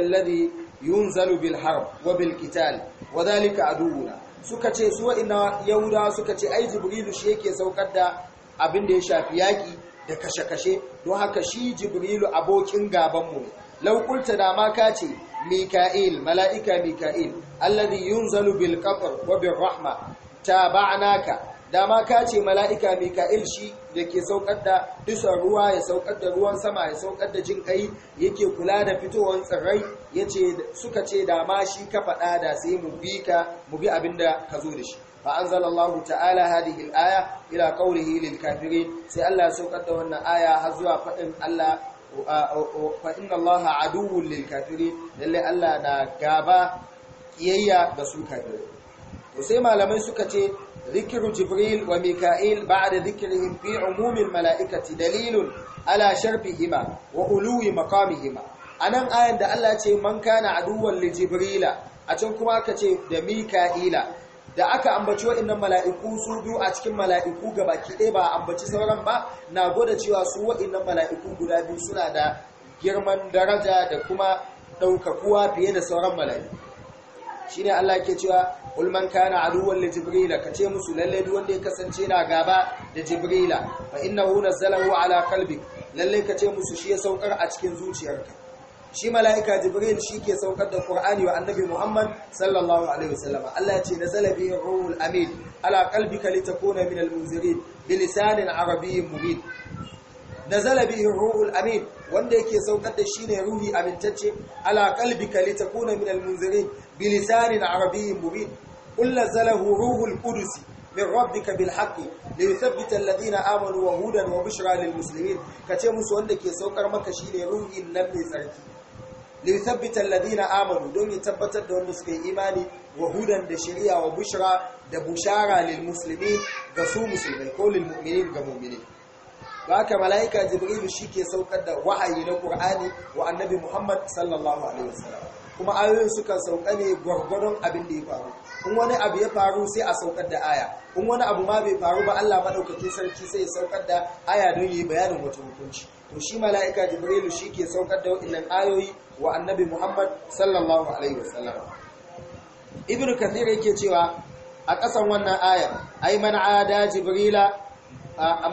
Yun zalu bil harb wa bil qital wa zalika aduwuna suka ce su wa'ina yahudawa suka ce ai jibrilu shi yake saukar da abin da ya shafi yaƙi, da kashe-kashe don haka shi jibrilu abokin gabanmu ne laukulta da ma ka ce mika'il mala'ika mika'il alladhi yunzalu bil qatr wa bir rahma tabanaka da ma ka ce mala'ika mika'il shi da ke saukar da dusar ruwa ya saukar da ruwan sama ya saukar da jin kai yake kula da fitowar tsirrai suka ce da ma shi ka faɗa da sai mu bi ka mu bi abinda ka zo da shi fa anzalallahu ta'ala hadhihi al-aya ila qawlihi lil kafirin sai Allah ya saukar da wannan aya har zuwa faɗin Allah fa inna Allah aduwwul lil kafirin lalle Allah na gaba kiyayya da su kafirai to sai malamai suka ce Jibril ذكر جبريل وميكائيل بعد ذكرهم في عموم الملائكة دليل على شرفهما وعلو مقامهما anan ayan da Allah ce man kana aduwwan li jibrila a can kuma aka ce da mika'ila da aka ambaci waɗannan mala'iku su biyu a cikin mala'iku ga baki ɗaya ba ambaci sauran ba na gwada cewa su waɗannan mala'iku guda biyu suna da girman daraja da kuma ɗaukakuwa fiye da sauran mala'iku shi ne Allah ke cewa ulman kana aduwan li jibrila ka ce musu lallai duk wanda ya kasance na gaba da jibrila fa innahu nazzalahu ala kalbi, lallai ka ce musu shi ya saukar a cikin zuciyarka shi mala'ika jibril shi ke saukar da Ƙur'ani wa annabi muhammad sallallahu alaihi wasallam Allah ya ce nazala bihi ruhul amin ala qalbika litakuna min al almunzirin bilisanin arabiyyin mubin nazala bihi ruhul amin wanda yake saukar da shi ne ruhi amintacce ala qalbika litakuna min al almunzirin bilisanin arabiyyin mubin qul nazalahu ruhul kudusi min rabbika bil haqqi liyuthabbita alladhina amanu wa hudan wa bushra lil muslimin kace musu wanda ke saukar maka shine ruhin nan mai tsarki lithabbita alladhina amanu don ya tabbatar da wanda suka yi imani wa hudan da shari'a wa bushra da bushara lil muslimin ga su musulmai ko lil mu'minin ga mu'minin haka malaika jibril ke saukar da wahayi na qur'ani wa annabi muhammad sallallahu alaihi wasallam kuma ayoyin suka sauka ne gwargwadon abin da ya faru in wani abu ya faru sai a saukar da aya in wani abu ma bai faru ba Allah madaukakin sarki sai ya saukar da aya don yi bayanin wata hukunci to shi mala'ika jibrilu shi ke saukar da waɗannan ayoyi wa annabi muhammad sallallahu alaihi wasallam ibnu kathir yake cewa a ƙasan wannan ayar ai man ada jibrila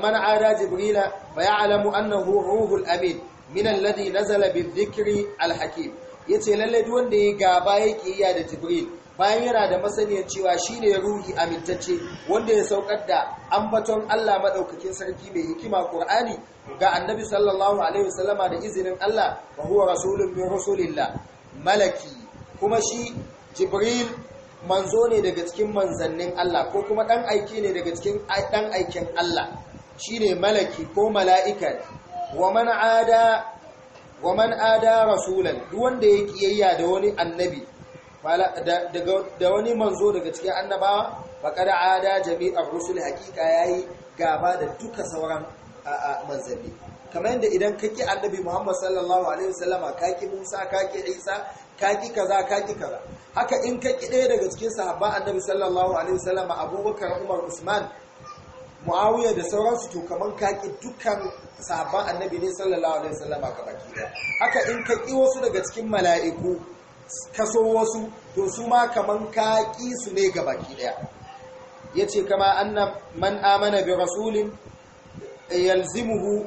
man ada jibrila fa ya'lamu annahu ruhul amin min alladhi nazala bi dhikri al hakim yace lallai duk wanda ya gaba yake iya da jibril bayan yana da masaniyar cewa shi ne ruhi amintacce wanda ya saukar da ambaton Allah Maɗaukakin sarki mai hikima Al-ƙur'ani ga Annabi sallallahu alaihi wasallama da izinin Allah ba huwa rasulun min rasulillah malaki kuma shi Jibril manzo ne daga cikin manzannin Allah ko kuma ɗan aiki ne daga cikin ɗan aikin Allah Shi ne malaki ko mala'ika wa man ada rasulan duk wanda ya ƙiyayya da wani annabi da wani manzo daga cikin annabawa faƙar ada jami'ar rusul hakika ya yi gaba da duka sauran manzanni kamar yadda idan kaki annabi muhammad sallallahu alaihi wasallama kaki musa kaki isa kaki kaza kaki kaza haka in kaki ɗaya daga cikin sahabban annabi sallallahu alaihi wasallama abubakar umar usman muawiya da sauransu to kamar kaki dukkan sahabban annabi ne sallallahu alaihi wasallama ka ki haka in kaki wasu daga cikin mala'iku kaso wasu to su ma kaman ka ƙi su ne ga baki ɗaya ya ce kama anna man amana bi rasulin yalzimuhu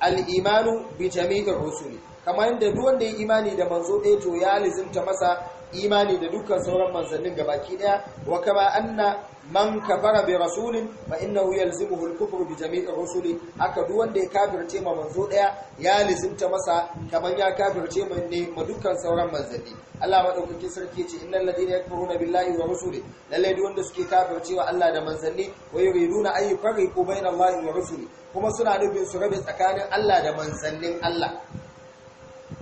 al'imanu bi jami'in rusuli kamar yadda duk wanda ya imani da manzo ɗaya to ya lizimta masa imani da dukkan sauran manzannin gabaki daya wa kama anna man kafara bi rasulin fa innahu yalzimuhu al-kufru bi jami'ir rusuli aka duk wanda ya kafirce ma manzo daya ya lizimta masa kaman ya kafirce ma ne ma dukkan sauran manzanni Allah madaukakin sarki ce innal ladina yakfuruna billahi wa rusuli Lallai duk wanda suke wa Allah da manzanni wa yuriduna ay yufariqu bainallahi wa rusuli kuma suna nufin su rabe tsakanin Allah da manzannin Allah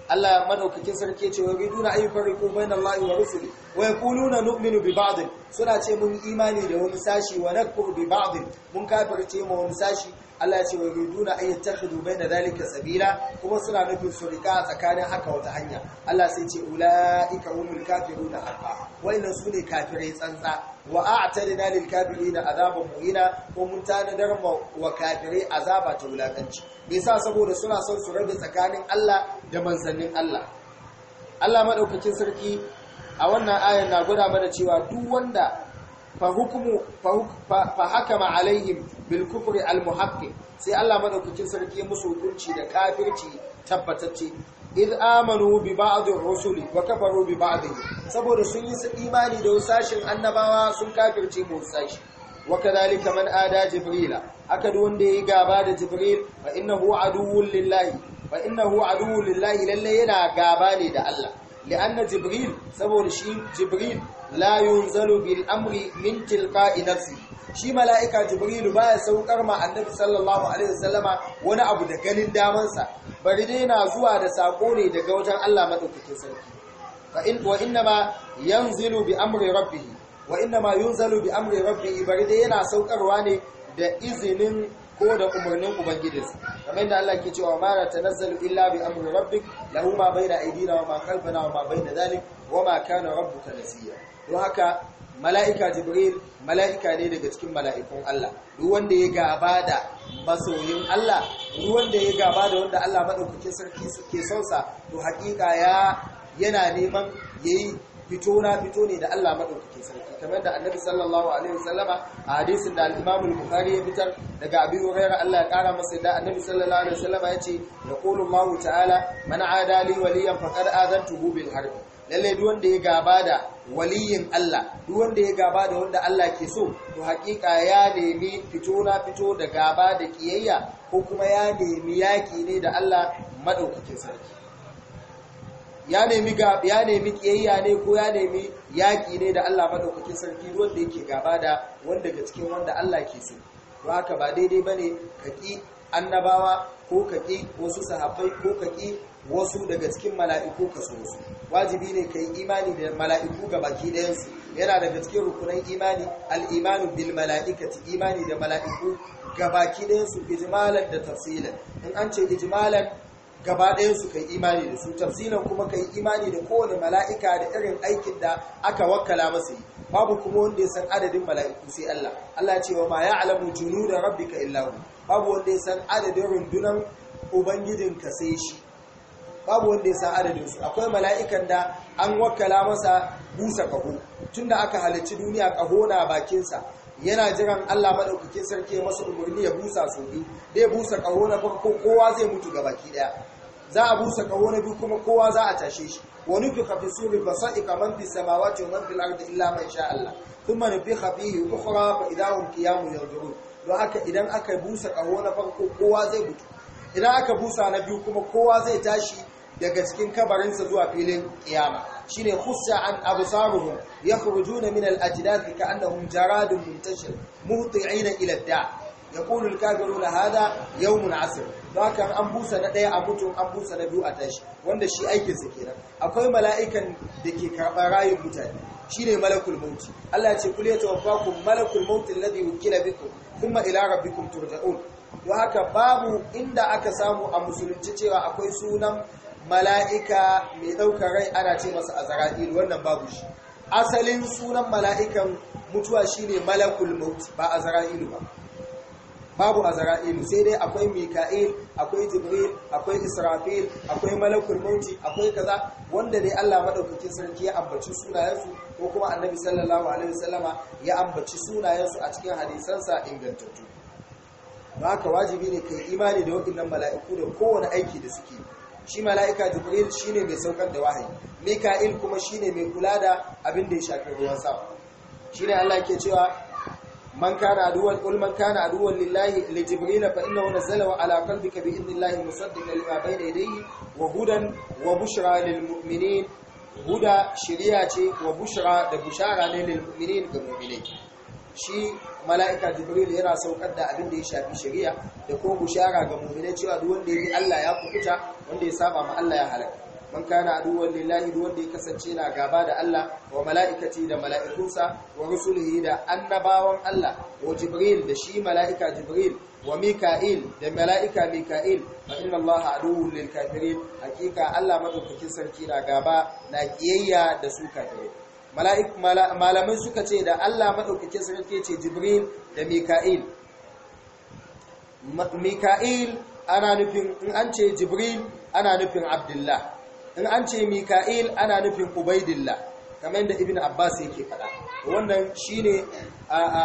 Allah ya madaukakin sarki ya ce wa riduna ay fariqu bainallahi wa rusuli wa yaquluna nu'minu bi ba'd suna ce mun imani da wani sashi wa nakfuru bi ba'd mun kafirce mu wani sashi Allah ya ce wa yuriduna an yattakhidu baina dhalika sabila kuma suna nufin su rika tsakanin haka wata hanya Allah sai ce ulaika humul kafiruna haqa inna sune kafirai tsantsa wa a'tadna lil kafirina azaba muhina ko mun tanadar wa kafirai azaba ta wulakanci me yasa saboda suna son su rabe tsakanin Allah da manzannin Allah Allah madaukakin sarki a wannan ayar na gwada mana cewa duk wanda fahukumu fahakama alaihim bilkufri almuhaqqi sai Allah madaukakin sarki musu hukunci da kafirci tabbatacce iz amanu bi ba'd ar-rusuli wa kafaru bi ba'd saboda sun yi imani da usashin annabawa sun kafirci musashi wa kadhalika man ada jibril aka duk wanda yayi gaba da jibril fa innahu aduwwul lillahi fa lillahi lalle yana gaba ne da Allah لأن جبريل سبور شي جبريل لا ينزل بالأمر من تلقاء نفسه شي ملائكة جبريل با سوكر ما النبي صلى الله عليه وسلم وانا أبو دقلين دامنسا بردينا زوا دا ساقوني دا قوجان الله مدوكتين سلكي فإن وإنما ينزل بأمر ربه وإنما ينزل بأمر ربه بردينا سوكر واني da izinin ko da umarnin ubangijinsa kamar yadda Allah ke cewa ma tanazzalu illa bi amri rabbik lahu ma bayna aydina wa ma khalfana wa ma bayna dhalik wa ma kana rabbuka nasiya don haka mala'ika jibril mala'ika ne daga cikin mala'ikun Allah duk wanda ya gaba da masoyin Allah duk wanda ya gaba da wanda Allah madaukakin sarki ke son to hakika ya yana neman yayi fito na fito ne da Allah madaukakin sarki kamar da Annabi sallallahu alaihi wasallama a hadisin da al-Imam bukhari ya fitar daga abin Hurairah Allah ya kara masa da Annabi sallallahu alaihi wasallama yace yaqulu Allahu ta'ala man adali waliyan faqad adantuhu bil harb lalle duk wanda ya gaba da waliyin Allah duk wanda ya gaba da wanda Allah ke so to hakika ya nemi fito na fito da gaba da kiyayya ko kuma ya nemi yaƙi ne da Allah maɗaukake sarki ya nemi ya nemi kiyayya ne ko ya nemi yaki ne da Allah madaukakin sarki wanda yake gaba da wanda ga cikin wanda Allah ke so to haka ba daidai bane ka ki annabawa ko ka ki wasu sahabbai ko ka ki wasu daga cikin mala'iku ka so su wajibi ne ka imani da mala'iku ga baki su yana daga cikin rukunan imani al'imanu bil mala'ikati imani da mala'iku ga baki su ijimalan da tafsilan in an ce ijmalan gaba ɗayan su kai imani da su tafsilan kuma kai imani da kowane mala'ika da irin aikin da aka wakala masa yi babu kuma wanda ya san adadin mala'iku sai Allah Allah ce wa alamu junu da rabbika illa hu babu wanda ya san adadin rundunan ka sai shi babu wanda ya san adadin su akwai mala'ikan da an wakala masa busa kaho tunda aka halarci duniya kaho na bakinsa yana jiran Allah Maɗaukakin sarki ya masa umarni ya busa su biyu da ya busa kaho na farko kowa zai mutu ga baki daya za a busa kaho na biyu kuma kowa za a tashe shi wani fi hafi suri fasa'i kamar fi samawati wa man fil ardi illa mai sha Allah thumma nufikha fihi ukhra fa idha hum qiyamun don haka idan aka busa kaho na farko kowa zai gudu. idan aka busa na biyu kuma kowa zai tashi daga cikin kabarinsa zuwa filin kiyama shine khussa an abu absaruhum yakhrujuna min al-ajdath ka'annahum jaradun muntashir muhti'ina ila ad-da' yaqulu na hada yau mun 'asir don an busa na ɗaya a mutum an busa na biyu a tashi wanda shi aikinsa kenan akwai mala'ikan da ke karɓa rayun mutane shi ne malakul mauti Allah ce kule ya ku malakul mauti alladhi wukila bikum thumma ila rabbikum turja'un haka babu inda aka samu a musulunci cewa akwai sunan mala'ika mai ɗaukar rai ana ce masa azra'il wannan babu shi asalin sunan mala'ikan mutuwa shine malakul mauti ba a azra'ilu ba babu azra'il sai dai akwai mika'il akwai jibril akwai israfil akwai malakul mauti akwai kaza wanda dai Allah madaukakin sarki ya ambaci sunayensu ko kuma annabi sallallahu alaihi wasallama ya ambaci sunayensu a cikin hadisansa ingantattu don haka wajibi ne kai imani da waɗannan mala'iku da kowane aiki da suke shi mala'ika jibril shine mai saukar da wahayi mika'il kuma shine mai kula da abin da ya shafi ruwan sama ne Allah yake cewa man kana aduwan qul man kana aduwan lillahi li jibril fa innahu nazala ala qalbika bi idnillahi musaddiqan lima bayna wa hudan wa bushra lil mu'minin shiriya ce wa bushra da bushara ne lil mu'minin shi mala'ika jibril yana saukar da abin da ya shafi shari'a da ko bushara ga mu'minai cewa duk wanda ya bi Allah ya kubuta wanda ya saba ma Allah ya halaka man kana aduwwan lillahi duk wanda ya kasance na gaba da Allah wa mala'ikati da mala'ikunsa wa rusulihi da annabawan Allah wa jibril da shi mala'ika jibril wa mika'il da mala'ika mika'il fa inna Allah aduwwun lil kafirin hakika Allah madaukakin sarki na gaba na kiyayya da su kafirai malamai suka ce da Allah maɗaukakin sarki ce Jibril da Mika'il. Mika'il ana nufin in an ce Jibril ana nufin Abdullah. in an ce mika'il ana nufin ubaidilla kamar yadda ibn abbas yake fada wannan shine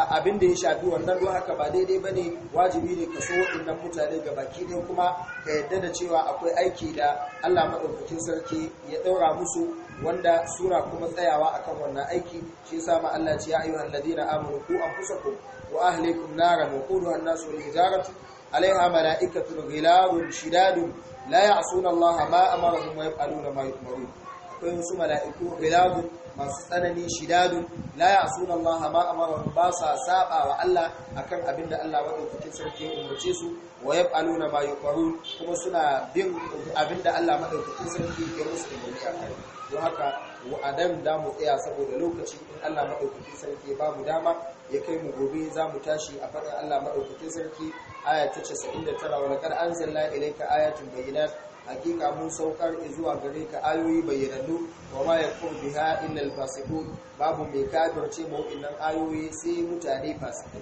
abin da ya shafi wannan don haka ba daidai ba ne wajibi ne ka so waɗannan mutane ga baki ne kuma ka yadda da cewa akwai aiki da allah maɗaukakin sarki ya ɗaura musu wanda sura kuma tsayawa akan wannan aiki shi yasa ma allah ce ya ayyuhan na amanu ku ku wa ahalikun naran wa qudha an-nasu wani hijaratu alaiha mala'ikatun gilarun shidadun la ya'suna Allah ma amarahum wa yaf'aluna ma yu'marun akwai wasu mala'iku ghilabun masu tsanani shidadun la ya'suna Allah ma amarahum ba sa saba wa Allah akan abin da Allah madaukakin sarki ya su wa yaf'aluna ma yu'marun kuma suna bin abin da Allah madaukakin sarki ya musu umarni akai don haka wa'adan da mu tsaya saboda lokaci in Allah maɗaukakin sarki ba mu dama ya kai mu gobe za mu tashi a faɗin Allah maɗaukakin sarki aya ta 99 wa laqad anzalna ilayka ayatun bayyinat hakika mun saukar izuwa gare ka ayoyi bayyanannu wa ma yakun biha illa al-fasiqun babu mai kafirce mu innan ayoyi sai mutane fasikai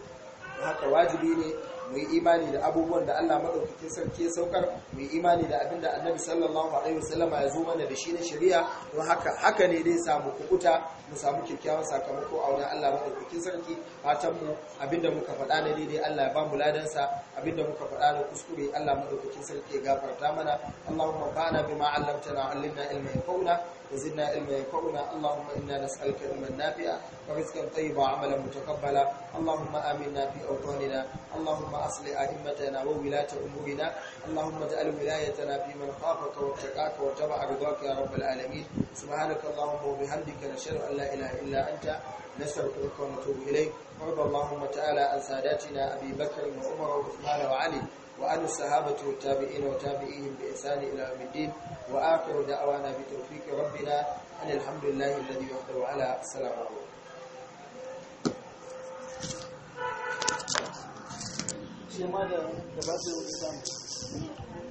haka wajibi ne mu yi imani da abubuwan da Allah maɗaukakin sarki ya saukar mu yi imani da abin da Annabi sallallahu alaihi wasallama ya zo mana da shi na shari'a don haka haka ne dai samu kukuta mu samu kyakkyawan sakamako a wurin Allah madaukakin sarki fatan mu abinda muka faɗa ne daidai Allah ya ba mu ladan sa da muka faɗa ne kuskure Allah maɗaukakin sarki ya gafarta mana Allahumma bana bima 'allamtana 'allimna ilma yanfa'una وزدنا علما ينفعنا اللهم إنا نسألك علما نافعا ورزقا طيبا وعملا متقبلا اللهم آمنا في أوطاننا اللهم أصلح أئمتنا وولاة أمورنا اللهم اجعل ولايتنا في من خافك واتقاك واتبع رضاك يا رب العالمين سبحانك اللهم وبحمدك نشهد أن لا إله إلا أنت نستغفرك ونتوب إليك وارض اللهم تعالى عن ساداتنا أبي بكر وعمر وعثمان وعلي وعن الصحابة والتابعين وتابعيهم بإحسان إلى يوم الدين وآخر دعوانا بتوفيق ربنا أن الحمد لله الذي يقدر على السلام عليكم shi ma da ba su